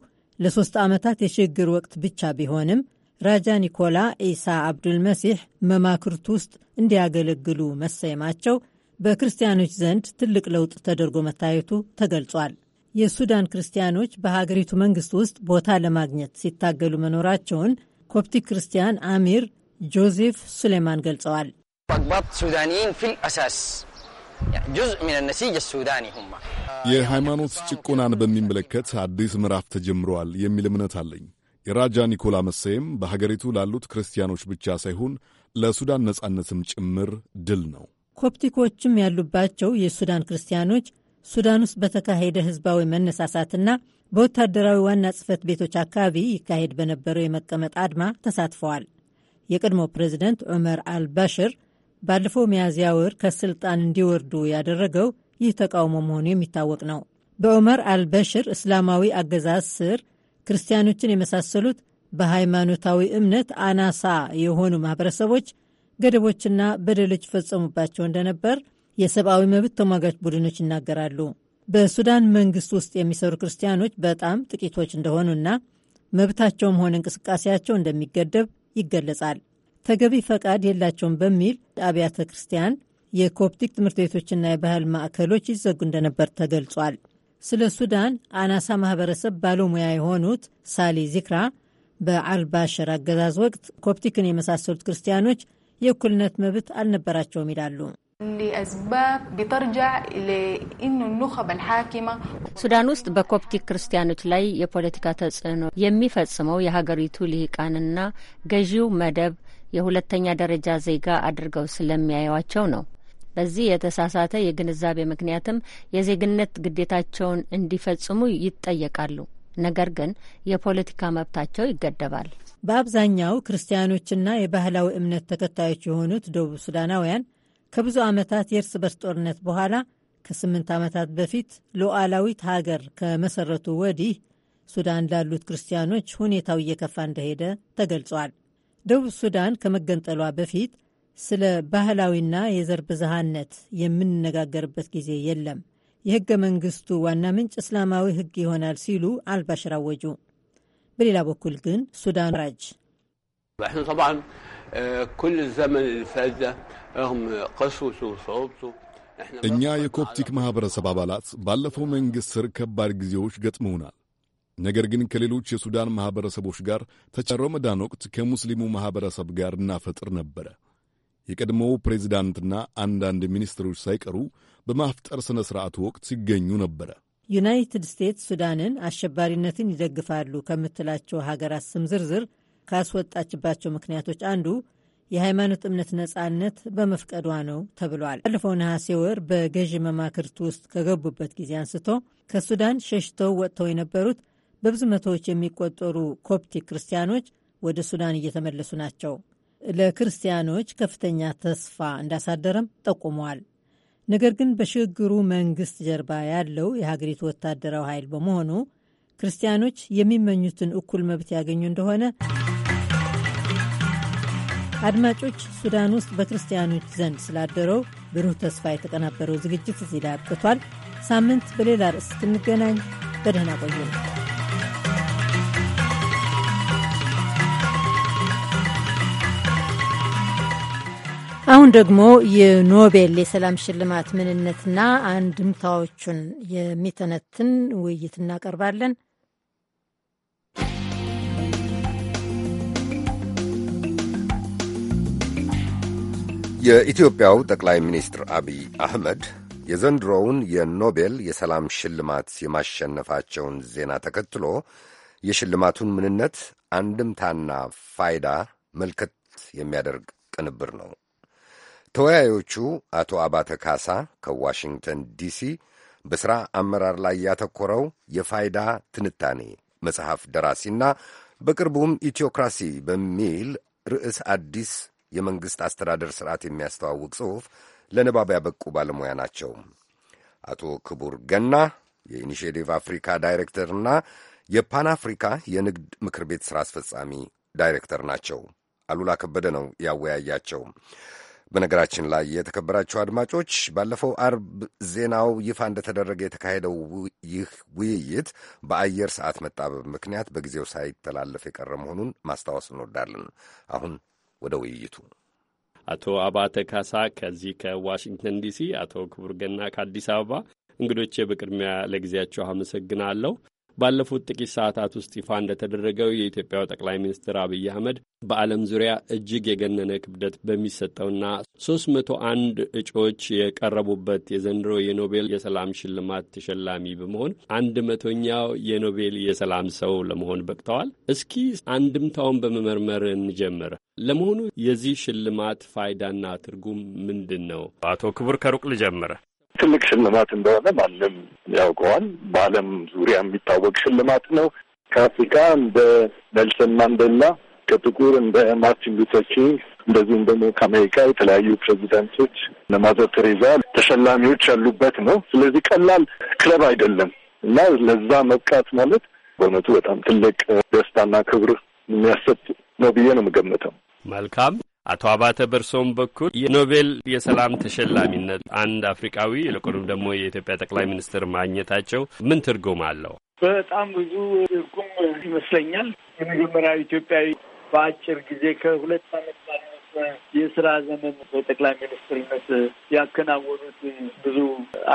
ለሦስት ዓመታት የሽግግር ወቅት ብቻ ቢሆንም ራጃ ኒኮላ ኢሳ አብዱል መሲሕ መማክርት ውስጥ እንዲያገለግሉ መሰየማቸው በክርስቲያኖች ዘንድ ትልቅ ለውጥ ተደርጎ መታየቱ ተገልጿል። የሱዳን ክርስቲያኖች በሀገሪቱ መንግስት ውስጥ ቦታ ለማግኘት ሲታገሉ መኖራቸውን ኮፕቲክ ክርስቲያን አሚር ጆዜፍ ሱሌማን ገልጸዋል። የሃይማኖት ጭቆናን በሚመለከት አዲስ ምዕራፍ ተጀምረዋል የሚል እምነት አለኝ። የራጃ ኒኮላ መሰየም በሀገሪቱ ላሉት ክርስቲያኖች ብቻ ሳይሆን ለሱዳን ነጻነትም ጭምር ድል ነው። ኮፕቲኮችም ያሉባቸው የሱዳን ክርስቲያኖች ሱዳን ውስጥ በተካሄደ ህዝባዊ መነሳሳትና በወታደራዊ ዋና ጽህፈት ቤቶች አካባቢ ይካሄድ በነበረው የመቀመጥ አድማ ተሳትፈዋል። የቀድሞ ፕሬዚደንት ዑመር አልባሽር ባለፈው ሚያዝያ ወር ከስልጣን እንዲወርዱ ያደረገው ይህ ተቃውሞ መሆኑ የሚታወቅ ነው። በዑመር አልበሽር እስላማዊ አገዛዝ ስር ክርስቲያኖችን የመሳሰሉት በሃይማኖታዊ እምነት አናሳ የሆኑ ማህበረሰቦች ገደቦችና በደሎች ፈጸሙባቸው እንደነበር የሰብአዊ መብት ተሟጋች ቡድኖች ይናገራሉ። በሱዳን መንግስት ውስጥ የሚሰሩ ክርስቲያኖች በጣም ጥቂቶች እንደሆኑና መብታቸውም ሆነ እንቅስቃሴያቸው እንደሚገደብ ይገለጻል። ተገቢ ፈቃድ የላቸውም በሚል አብያተ ክርስቲያን፣ የኮፕቲክ ትምህርት ቤቶችና የባህል ማዕከሎች ይዘጉ እንደነበር ተገልጿል። ስለ ሱዳን አናሳ ማህበረሰብ ባለሙያ የሆኑት ሳሊ ዚክራ በአልባሸር አገዛዝ ወቅት ኮፕቲክን የመሳሰሉት ክርስቲያኖች የእኩልነት መብት አልነበራቸውም ይላሉ። ሱዳን ውስጥ በኮፕቲክ ክርስቲያኖች ላይ የፖለቲካ ተጽዕኖ የሚፈጽመው የሀገሪቱ ልሂቃንና ገዢው መደብ የሁለተኛ ደረጃ ዜጋ አድርገው ስለሚያዩዋቸው ነው። በዚህ የተሳሳተ የግንዛቤ ምክንያትም የዜግነት ግዴታቸውን እንዲፈጽሙ ይጠየቃሉ። ነገር ግን የፖለቲካ መብታቸው ይገደባል። በአብዛኛው ክርስቲያኖችና የባህላዊ እምነት ተከታዮች የሆኑት ደቡብ ሱዳናውያን ከብዙ ዓመታት የእርስ በርስ ጦርነት በኋላ ከስምንት ዓመታት በፊት ሉዓላዊት ሀገር ከመሰረቱ ወዲህ ሱዳን ላሉት ክርስቲያኖች ሁኔታው እየከፋ እንደሄደ ተገልጿል። ደቡብ ሱዳን ከመገንጠሏ በፊት ስለ ባህላዊና የዘር ብዝሃነት የምንነጋገርበት ጊዜ የለም፣ የሕገ መንግስቱ ዋና ምንጭ እስላማዊ ሕግ ይሆናል ሲሉ አልባሽር አወጁ። በሌላ በኩል ግን ሱዳን ራጅ እኛ የኮፕቲክ ማኅበረሰብ አባላት ባለፈው መንግሥት ስር ከባድ ጊዜዎች ገጥመውናል። ነገር ግን ከሌሎች የሱዳን ማኅበረሰቦች ጋር ተቻ ወቅት ከሙስሊሙ ማኅበረሰብ ጋር እናፈጥር ነበረ። የቀድሞው ፕሬዚዳንትና አንዳንድ ሚኒስትሮች ሳይቀሩ በማፍጠር ሥነ ሥርዓቱ ወቅት ሲገኙ ነበረ። ዩናይትድ ስቴትስ ሱዳንን አሸባሪነትን ይደግፋሉ ከምትላቸው ሀገራት ስም ዝርዝር ካስወጣችባቸው ምክንያቶች አንዱ የሃይማኖት እምነት ነጻነት በመፍቀዷ ነው ተብሏል። ባለፈው ነሐሴ ወር በገዢ መማክርት ውስጥ ከገቡበት ጊዜ አንስቶ ከሱዳን ሸሽተው ወጥተው የነበሩት በብዙ መቶዎች የሚቆጠሩ ኮፕቲክ ክርስቲያኖች ወደ ሱዳን እየተመለሱ ናቸው። ለክርስቲያኖች ከፍተኛ ተስፋ እንዳሳደረም ጠቁመዋል። ነገር ግን በሽግግሩ መንግስት ጀርባ ያለው የሀገሪቱ ወታደራዊ ኃይል በመሆኑ ክርስቲያኖች የሚመኙትን እኩል መብት ያገኙ እንደሆነ አድማጮች፣ ሱዳን ውስጥ በክርስቲያኖች ዘንድ ስላደረው ብሩህ ተስፋ የተቀናበረው ዝግጅት እዚህ ላይ አብቅቷል። ሳምንት በሌላ ርዕስ እስክንገናኝ በደህና ቆዩ። አሁን ደግሞ የኖቤል የሰላም ሽልማት ምንነትና አንድምታዎቹን የሚተነትን ውይይት እናቀርባለን። የኢትዮጵያው ጠቅላይ ሚኒስትር አብይ አህመድ የዘንድሮውን የኖቤል የሰላም ሽልማት የማሸነፋቸውን ዜና ተከትሎ የሽልማቱን ምንነት አንድምታና ፋይዳ መልከት የሚያደርግ ቅንብር ነው። ተወያዮቹ አቶ አባተ ካሳ ከዋሽንግተን ዲሲ በሥራ አመራር ላይ ያተኮረው የፋይዳ ትንታኔ መጽሐፍ ደራሲና በቅርቡም ኢትዮክራሲ በሚል ርዕስ አዲስ የመንግሥት አስተዳደር ስርዓት የሚያስተዋውቅ ጽሑፍ ለንባብ ያበቁ ባለሙያ ናቸው። አቶ ክቡር ገና የኢኒሽቲቭ አፍሪካ ዳይሬክተርና የፓን አፍሪካ የንግድ ምክር ቤት ሥራ አስፈጻሚ ዳይሬክተር ናቸው። አሉላ ከበደ ነው ያወያያቸው። በነገራችን ላይ የተከበራችሁ አድማጮች ባለፈው አርብ ዜናው ይፋ እንደተደረገ የተካሄደው ይህ ውይይት በአየር ሰዓት መጣበብ ምክንያት በጊዜው ሳይተላለፍ የቀረ መሆኑን ማስታወስ እንወዳለን። አሁን ወደ ውይይቱ አቶ አባተ ካሳ ከዚህ ከዋሽንግተን ዲሲ፣ አቶ ክቡር ገና ከአዲስ አበባ እንግዶቼ በቅድሚያ ለጊዜያቸው አመሰግናለሁ። ባለፉት ጥቂት ሰዓታት ውስጥ ይፋ እንደተደረገው የኢትዮጵያው ጠቅላይ ሚኒስትር አብይ አህመድ በዓለም ዙሪያ እጅግ የገነነ ክብደት በሚሰጠውና 301 እጩዎች የቀረቡበት የዘንድሮ የኖቤል የሰላም ሽልማት ተሸላሚ በመሆን አንድ መቶኛው የኖቤል የሰላም ሰው ለመሆን በቅተዋል። እስኪ አንድምታውን በመመርመር እንጀምር። ለመሆኑ የዚህ ሽልማት ፋይዳና ትርጉም ምንድን ነው? አቶ ክቡር ከሩቅ ልጀምር። ትልቅ ሽልማት እንደሆነ ማንም ያውቀዋል። በዓለም ዙሪያ የሚታወቅ ሽልማት ነው። ከአፍሪካ እንደ ኔልሰን ማንዴላ፣ ከጥቁር እንደ ማርቲን ሉተር ኪንግ እንደዚሁም ደግሞ ከአሜሪካ የተለያዩ ፕሬዚዳንቶች ለማዘር ቴሬዛ ተሸላሚዎች ያሉበት ነው። ስለዚህ ቀላል ክለብ አይደለም እና ለዛ መብቃት ማለት በእውነቱ በጣም ትልቅ ደስታና ክብር የሚያሰጥ ነው ብዬ ነው የምገምተው። መልካም አቶ አባተ በርሶም በኩል የኖቤል የሰላም ተሸላሚነት አንድ አፍሪካዊ ይልቁንም ደግሞ የኢትዮጵያ ጠቅላይ ሚኒስትር ማግኘታቸው ምን ትርጉም አለው? በጣም ብዙ ትርጉም ይመስለኛል። የመጀመሪያው ኢትዮጵያዊ በአጭር ጊዜ ከሁለት ዓመት ባነሰ የስራ ዘመን በጠቅላይ ሚኒስትርነት ያከናወኑት ብዙ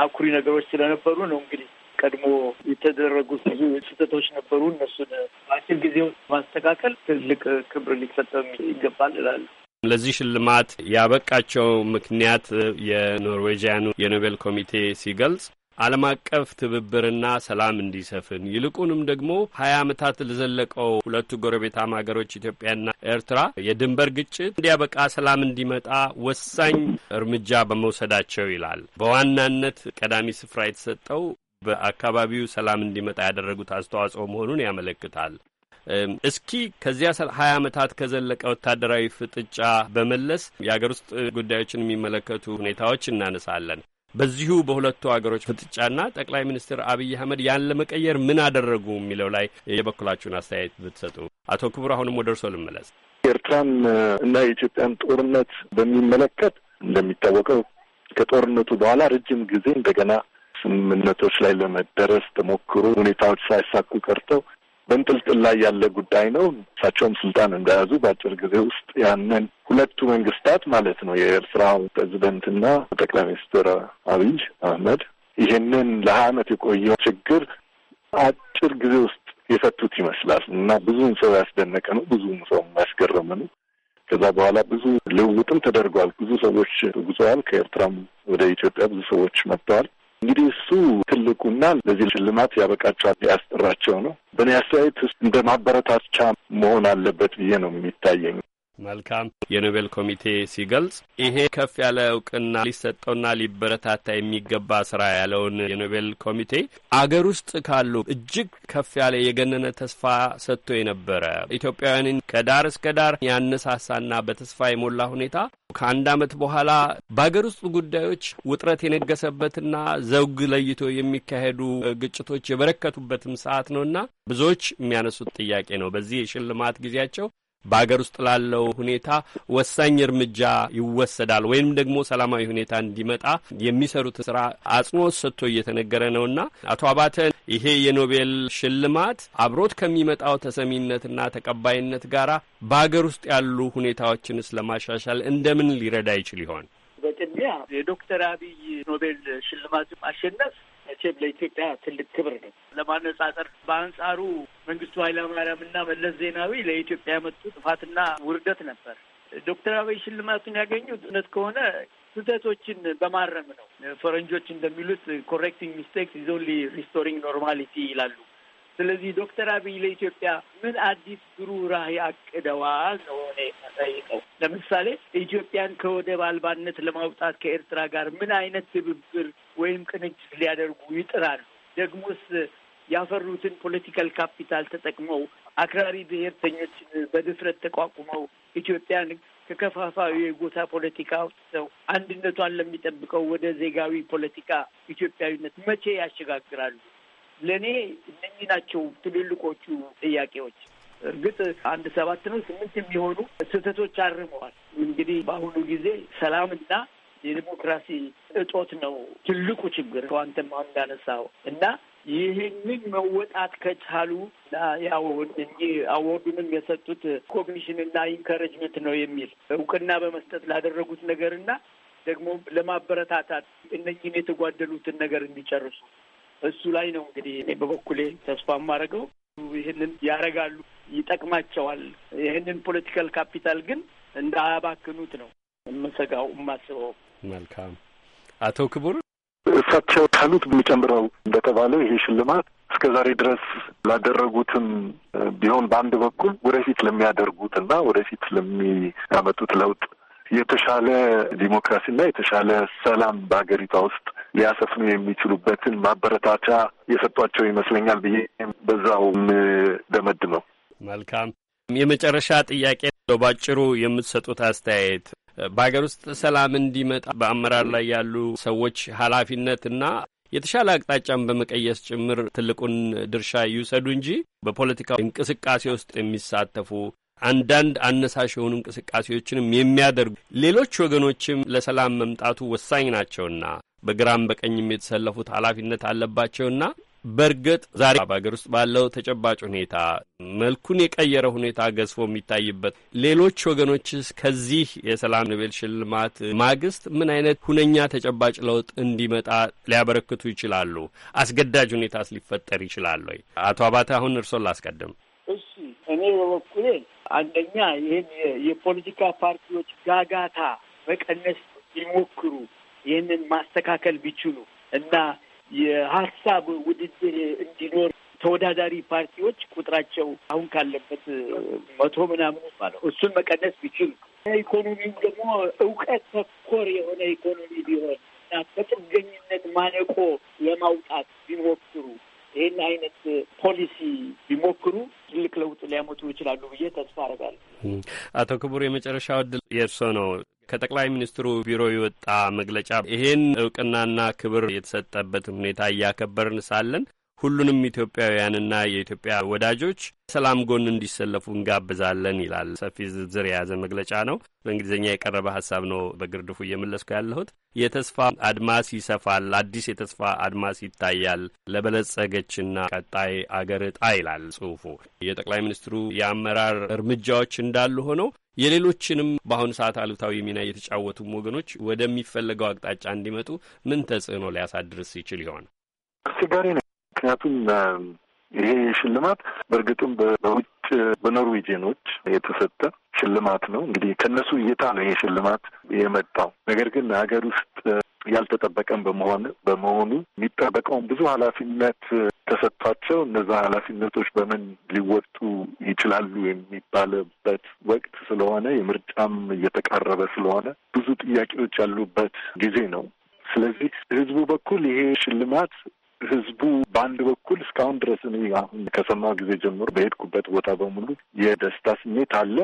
አኩሪ ነገሮች ስለነበሩ ነው እንግዲህ ቀድሞ የተደረጉት ብዙ ስህተቶች ነበሩ። እነሱን በአጭር ጊዜ ውስጥ ማስተካከል ትልቅ ክብር ሊሰጠው ይገባል እላለሁ። ለዚህ ሽልማት ያበቃቸው ምክንያት የኖርዌጂያኑ የኖቤል ኮሚቴ ሲገልጽ ዓለም አቀፍ ትብብርና ሰላም እንዲሰፍን ይልቁንም ደግሞ ሀያ ዓመታት ለዘለቀው ሁለቱ ጎረቤታማ ሀገሮች ኢትዮጵያና ኤርትራ የድንበር ግጭት እንዲያበቃ ሰላም እንዲመጣ ወሳኝ እርምጃ በመውሰዳቸው ይላል። በዋናነት ቀዳሚ ስፍራ የተሰጠው በአካባቢው ሰላም እንዲመጣ ያደረጉት አስተዋጽኦ መሆኑን ያመለክታል። እስኪ ከዚያ ሀያ ዓመታት ከዘለቀ ወታደራዊ ፍጥጫ በመለስ የአገር ውስጥ ጉዳዮችን የሚመለከቱ ሁኔታዎች እናነሳለን። በዚሁ በሁለቱ አገሮች ፍጥጫና ጠቅላይ ሚኒስትር አብይ አህመድ ያን ለመቀየር ምን አደረጉ የሚለው ላይ የበኩላችሁን አስተያየት ብትሰጡ። አቶ ክቡር አሁንም ወደ እርሶ ልመለስ። ኤርትራን እና የኢትዮጵያን ጦርነት በሚመለከት እንደሚታወቀው ከጦርነቱ በኋላ ረጅም ጊዜ እንደገና ስምምነቶች ላይ ለመደረስ ተሞክሮ ሁኔታዎች ሳይሳኩ ቀርተው በንጥልጥል ላይ ያለ ጉዳይ ነው። እሳቸውም ስልጣን እንደያዙ በአጭር ጊዜ ውስጥ ያንን ሁለቱ መንግስታት ማለት ነው የኤርትራው ፕሬዚደንትና ጠቅላይ ሚኒስትር አብይ አህመድ ይህንን ለሀያ ዓመት የቆየው ችግር አጭር ጊዜ ውስጥ የፈቱት ይመስላል እና ብዙውን ሰው ያስደነቀ ነው። ብዙውን ሰው የሚያስገርም ነው። ከዛ በኋላ ብዙ ልውውጥም ተደርጓል። ብዙ ሰዎች ጉዘዋል። ከኤርትራም ወደ ኢትዮጵያ ብዙ ሰዎች መጥተዋል። እንግዲህ እሱ ትልቁና ለዚህ ሽልማት ያበቃቸዋል ያስጠራቸው ነው። በእኔ አስተያየት እንደ ማበረታቻ መሆን አለበት ብዬ ነው የሚታየኝ። መልካም የኖቤል ኮሚቴ ሲገልጽ ይሄ ከፍ ያለ እውቅና ሊሰጠውና ሊበረታታ የሚገባ ስራ ያለውን የኖቤል ኮሚቴ አገር ውስጥ ካሉ እጅግ ከፍ ያለ የገነነ ተስፋ ሰጥቶ የነበረ ኢትዮጵያውያንን ከዳር እስከ ዳር ያነሳሳና በተስፋ የሞላ ሁኔታ ከአንድ ዓመት በኋላ በአገር ውስጥ ጉዳዮች ውጥረት የነገሰበትና ዘውግ ለይቶ የሚካሄዱ ግጭቶች የበረከቱበትም ሰዓት ነውና ብዙዎች የሚያነሱት ጥያቄ ነው። በዚህ የሽልማት ጊዜያቸው በአገር ውስጥ ላለው ሁኔታ ወሳኝ እርምጃ ይወሰዳል ወይም ደግሞ ሰላማዊ ሁኔታ እንዲመጣ የሚሰሩት ስራ አጽንኦት ሰጥቶ እየተነገረ ነውና አቶ አባተ ይሄ የኖቤል ሽልማት አብሮት ከሚመጣው ተሰሚነትና ተቀባይነት ጋራ በአገር ውስጥ ያሉ ሁኔታዎችንስ ለማሻሻል እንደምን ሊረዳ ይችል ይሆን? በቅድሚያ የዶክተር አብይ ኖቤል ሽልማት ማሸነፍ መቼም ለኢትዮጵያ ትልቅ ክብር ነው። ለማነጻጸር በአንጻሩ መንግስቱ ኃይለማርያም እና መለስ ዜናዊ ለኢትዮጵያ የመጡ ጥፋትና ውርደት ነበር። ዶክተር አብይ ሽልማቱን ያገኙት እውነት ከሆነ ስህተቶችን በማረም ነው። ፈረንጆች እንደሚሉት ኮሬክቲንግ ሚስቴክስ ኢዝ ኦንሊ ሪስቶሪንግ ኖርማሊቲ ይላሉ። ስለዚህ ዶክተር አብይ ለኢትዮጵያ ምን አዲስ ብሩህ ራዕይ አቅደዋል ነው እኔ ጠይቀው። ለምሳሌ ኢትዮጵያን ከወደብ አልባነት ለማውጣት ከኤርትራ ጋር ምን አይነት ትብብር ወይም ቅንጅት ሊያደርጉ ይጥራሉ? ደግሞስ ያፈሩትን ፖለቲካል ካፒታል ተጠቅመው አክራሪ ብሔርተኞችን በድፍረት ተቋቁመው ኢትዮጵያን ከከፋፋዊ የጎታ ፖለቲካ አውጥተው አንድነቷን ለሚጠብቀው ወደ ዜጋዊ ፖለቲካ ኢትዮጵያዊነት መቼ ያሸጋግራሉ? ለእኔ እነኚህ ናቸው ትልልቆቹ ጥያቄዎች። እርግጥ አንድ ሰባት ነው ስምንት የሚሆኑ ስህተቶች አርመዋል። እንግዲህ በአሁኑ ጊዜ ሰላምና የዲሞክራሲ እጦት ነው ትልቁ ችግር ከአንተም አሁን እንዳነሳው እና ይህንን መወጣት ከቻሉ ያው እኚህ አዋርዱንም የሰጡት ኮግኒሽንና ኢንካሬጅመንት ነው የሚል እውቅና በመስጠት ላደረጉት ነገርና ደግሞ ለማበረታታት እነኝን የተጓደሉትን ነገር እንዲጨርሱ እሱ ላይ ነው እንግዲህ እኔ በበኩሌ ተስፋ የማደርገው ይህንን ያደርጋሉ፣ ይጠቅማቸዋል። ይህንን ፖለቲካል ካፒታል ግን እንዳያባክኑት ነው የምሰጋው የማስበው። መልካም አቶ ክቡር እሳቸው ካሉት የሚጨምረው እንደተባለው ይሄ ሽልማት እስከ ዛሬ ድረስ ላደረጉትም ቢሆን በአንድ በኩል ወደፊት ለሚያደርጉት እና ወደፊት ለሚያመጡት ለውጥ የተሻለ ዲሞክራሲና የተሻለ ሰላም በሀገሪቷ ውስጥ ሊያሰፍኑ የሚችሉበትን ማበረታቻ የሰጧቸው ይመስለኛል ብዬ በዛው የምደመድ ነው። መልካም የመጨረሻ ጥያቄ ነው። ባጭሩ የምትሰጡት አስተያየት በሀገር ውስጥ ሰላም እንዲመጣ በአመራር ላይ ያሉ ሰዎች ኃላፊነትና የተሻለ አቅጣጫን በመቀየስ ጭምር ትልቁን ድርሻ ይውሰዱ እንጂ በፖለቲካ እንቅስቃሴ ውስጥ የሚሳተፉ አንዳንድ አነሳሽ የሆኑ እንቅስቃሴዎችንም የሚያደርጉ ሌሎች ወገኖችም ለሰላም መምጣቱ ወሳኝ ናቸውና በግራም በቀኝም የተሰለፉት ኃላፊነት አለባቸውና በእርግጥ ዛሬ በሀገር ውስጥ ባለው ተጨባጭ ሁኔታ መልኩን የቀየረ ሁኔታ ገዝፎ የሚታይበት ሌሎች ወገኖችስ ከዚህ የሰላም ኖቤል ሽልማት ማግስት ምን አይነት ሁነኛ ተጨባጭ ለውጥ እንዲመጣ ሊያበረክቱ ይችላሉ? አስገዳጅ ሁኔታስ ሊፈጠር ይችላል ወይ? አቶ አባተ አሁን እርሶን ላስቀድም። እሺ፣ እኔ በበኩሌ አንደኛ ይህን የፖለቲካ ፓርቲዎች ጋጋታ መቀነስ ሊሞክሩ ይህንን ማስተካከል ቢችሉ እና የሀሳብ ውድድር እንዲኖር ተወዳዳሪ ፓርቲዎች ቁጥራቸው አሁን ካለበት መቶ ምናምን ማለት እሱን መቀነስ ቢችሉ ኢኮኖሚም ደግሞ እውቀት ተኮር የሆነ ኢኮኖሚ ቢሆን እና ከጥገኝነት ማነቆ ለማውጣት ቢሞክሩ ይህን አይነት ፖሊሲ ቢሞክሩ ትልቅ ለውጥ ሊያመጡ ይችላሉ ብዬ ተስፋ አደርጋለሁ። አቶ ክቡር የመጨረሻው ዕድል የእርሶ ነው። ከጠቅላይ ሚኒስትሩ ቢሮ የወጣ መግለጫ ይሄን እውቅናና ክብር የተሰጠበትን ሁኔታ እያከበርን ሳለን ሁሉንም ኢትዮጵያውያንና የኢትዮጵያ ወዳጆች ሰላም ጎን እንዲሰለፉ እንጋብዛለን ይላል። ሰፊ ዝርዝር የያዘ መግለጫ ነው። በእንግሊዝኛ የቀረበ ሀሳብ ነው። በግርድፉ እየመለስኩ ያለሁት የተስፋ አድማስ ይሰፋል፣ አዲስ የተስፋ አድማስ ይታያል ለበለጸገችና ቀጣይ አገር እጣ ይላል ጽሁፉ። የጠቅላይ ሚኒስትሩ የአመራር እርምጃዎች እንዳሉ ሆነው የሌሎችንም በአሁኑ ሰዓት አሉታዊ ሚና የተጫወቱም ወገኖች ወደሚፈለገው አቅጣጫ እንዲመጡ ምን ተጽዕኖ ሊያሳድርስ ይችል ይሆን? አስቸጋሪ ነው። ምክንያቱም ይሄ ሽልማት በእርግጥም በውጭ በኖርዌጂኖች የተሰጠ ሽልማት ነው። እንግዲህ ከነሱ እይታ ነው ይሄ ሽልማት የመጣው። ነገር ግን ሀገር ውስጥ ያልተጠበቀም በመሆን በመሆኑ የሚጠበቀውን ብዙ ኃላፊነት ተሰጥቷቸው እነዛ ኃላፊነቶች በምን ሊወጡ ይችላሉ የሚባልበት ወቅት ስለሆነ የምርጫም እየተቃረበ ስለሆነ ብዙ ጥያቄዎች ያሉበት ጊዜ ነው። ስለዚህ ህዝቡ በኩል ይሄ ሽልማት ህዝቡ በአንድ በኩል እስካሁን ድረስ እኔ አሁን ከሰማ ጊዜ ጀምሮ በሄድኩበት ቦታ በሙሉ የደስታ ስሜት አለ።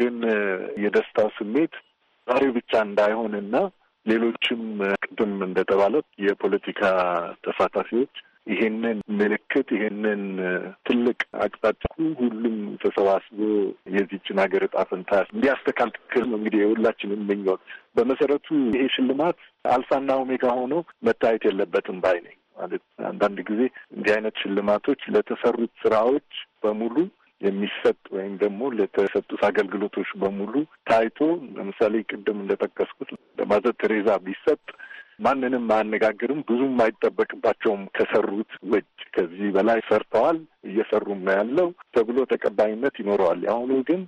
ግን የደስታ ስሜት ዛሬ ብቻ እንዳይሆንና ሌሎችም ቅድም እንደተባለው የፖለቲካ ተሳታፊዎች ይሄንን ምልክት ይሄንን ትልቅ አቅጣጫ ሁሉም ተሰባስቦ የዚችን ሀገር እጣ ፈንታ እንዲያስተካል ትክክል ነው እንግዲህ የሁላችንም ምኞት። በመሰረቱ ይሄ ሽልማት አልፋና ኦሜጋ ሆኖ መታየት የለበትም ባይ ነኝ። ማለት አንዳንድ ጊዜ እንዲህ አይነት ሽልማቶች ለተሰሩት ስራዎች በሙሉ የሚሰጥ ወይም ደግሞ ለተሰጡት አገልግሎቶች በሙሉ ታይቶ ለምሳሌ ቅድም እንደጠቀስኩት ለማዘር ቴሬዛ ቢሰጥ ማንንም አያነጋግርም። ብዙም አይጠበቅባቸውም ከሰሩት ውጭ ከዚህ በላይ ሰርተዋል፣ እየሰሩም ነው ያለው ተብሎ ተቀባይነት ይኖረዋል። አሁኑ ግን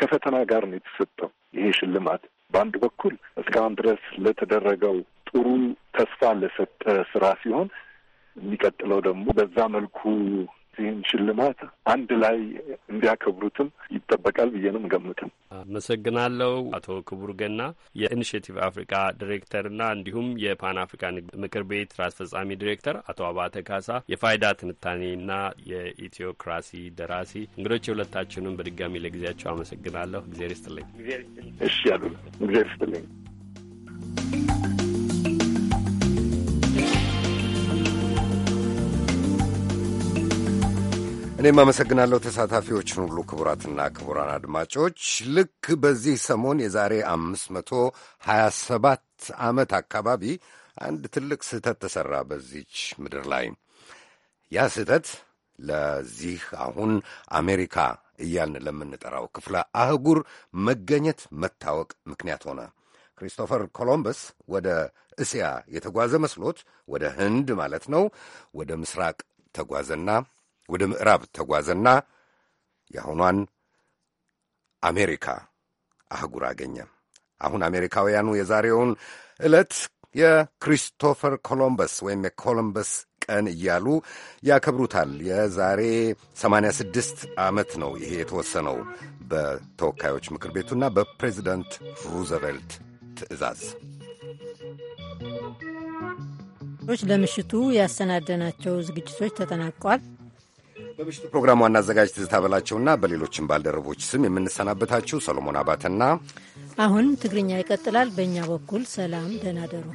ከፈተና ጋር ነው የተሰጠው ይሄ ሽልማት። በአንድ በኩል እስካሁን ድረስ ለተደረገው ጥሩ ተስፋ ለሰጠ ስራ ሲሆን የሚቀጥለው ደግሞ በዛ መልኩ ይህን ሽልማት አንድ ላይ እንዲያከብሩትም ይጠበቃል ብዬ ነው የምገምተው። አመሰግናለሁ። አቶ ክቡር ገና የኢኒሽቲቭ አፍሪካ ዲሬክተርና እንዲሁም የፓን አፍሪካ ምክር ቤት ስራ አስፈጻሚ ዲሬክተር አቶ አባተ ካሳ የፋይዳ ትንታኔና የኢትዮክራሲ ደራሲ እንግዶች፣ የሁለታችሁንም በድጋሚ ለጊዜያቸው አመሰግናለሁ። እግዜር ይስጥልኝ። እሺ ያሉ እግዜር ይስጥልኝ። እኔም አመሰግናለሁ ተሳታፊዎችን ሁሉ። ክቡራትና ክቡራን አድማጮች ልክ በዚህ ሰሞን የዛሬ አምስት መቶ ሀያ ሰባት ዓመት አካባቢ አንድ ትልቅ ስህተት ተሠራ በዚች ምድር ላይ። ያ ስህተት ለዚህ አሁን አሜሪካ እያልን ለምንጠራው ክፍለ አህጉር መገኘት መታወቅ ምክንያት ሆነ። ክሪስቶፈር ኮሎምበስ ወደ እስያ የተጓዘ መስሎት ወደ ህንድ ማለት ነው ወደ ምስራቅ ተጓዘና ወደ ምዕራብ ተጓዘና የአሁኗን አሜሪካ አህጉር አገኘ። አሁን አሜሪካውያኑ የዛሬውን ዕለት የክሪስቶፈር ኮሎምበስ ወይም የኮሎምበስ ቀን እያሉ ያከብሩታል። የዛሬ 86 ዓመት ነው ይሄ የተወሰነው በተወካዮች ምክር ቤቱና በፕሬዚደንት ሩዘቬልት ትዕዛዝ። ለምሽቱ ያሰናደናቸው ዝግጅቶች ተጠናቋል። በምሽቱ ፕሮግራም ዋና አዘጋጅ ትዝታ በላቸውና በሌሎችም ባልደረቦች ስም የምንሰናበታችሁ ሰሎሞን አባተና አሁን ትግርኛ ይቀጥላል። በእኛ በኩል ሰላም፣ ደህና ደሩ።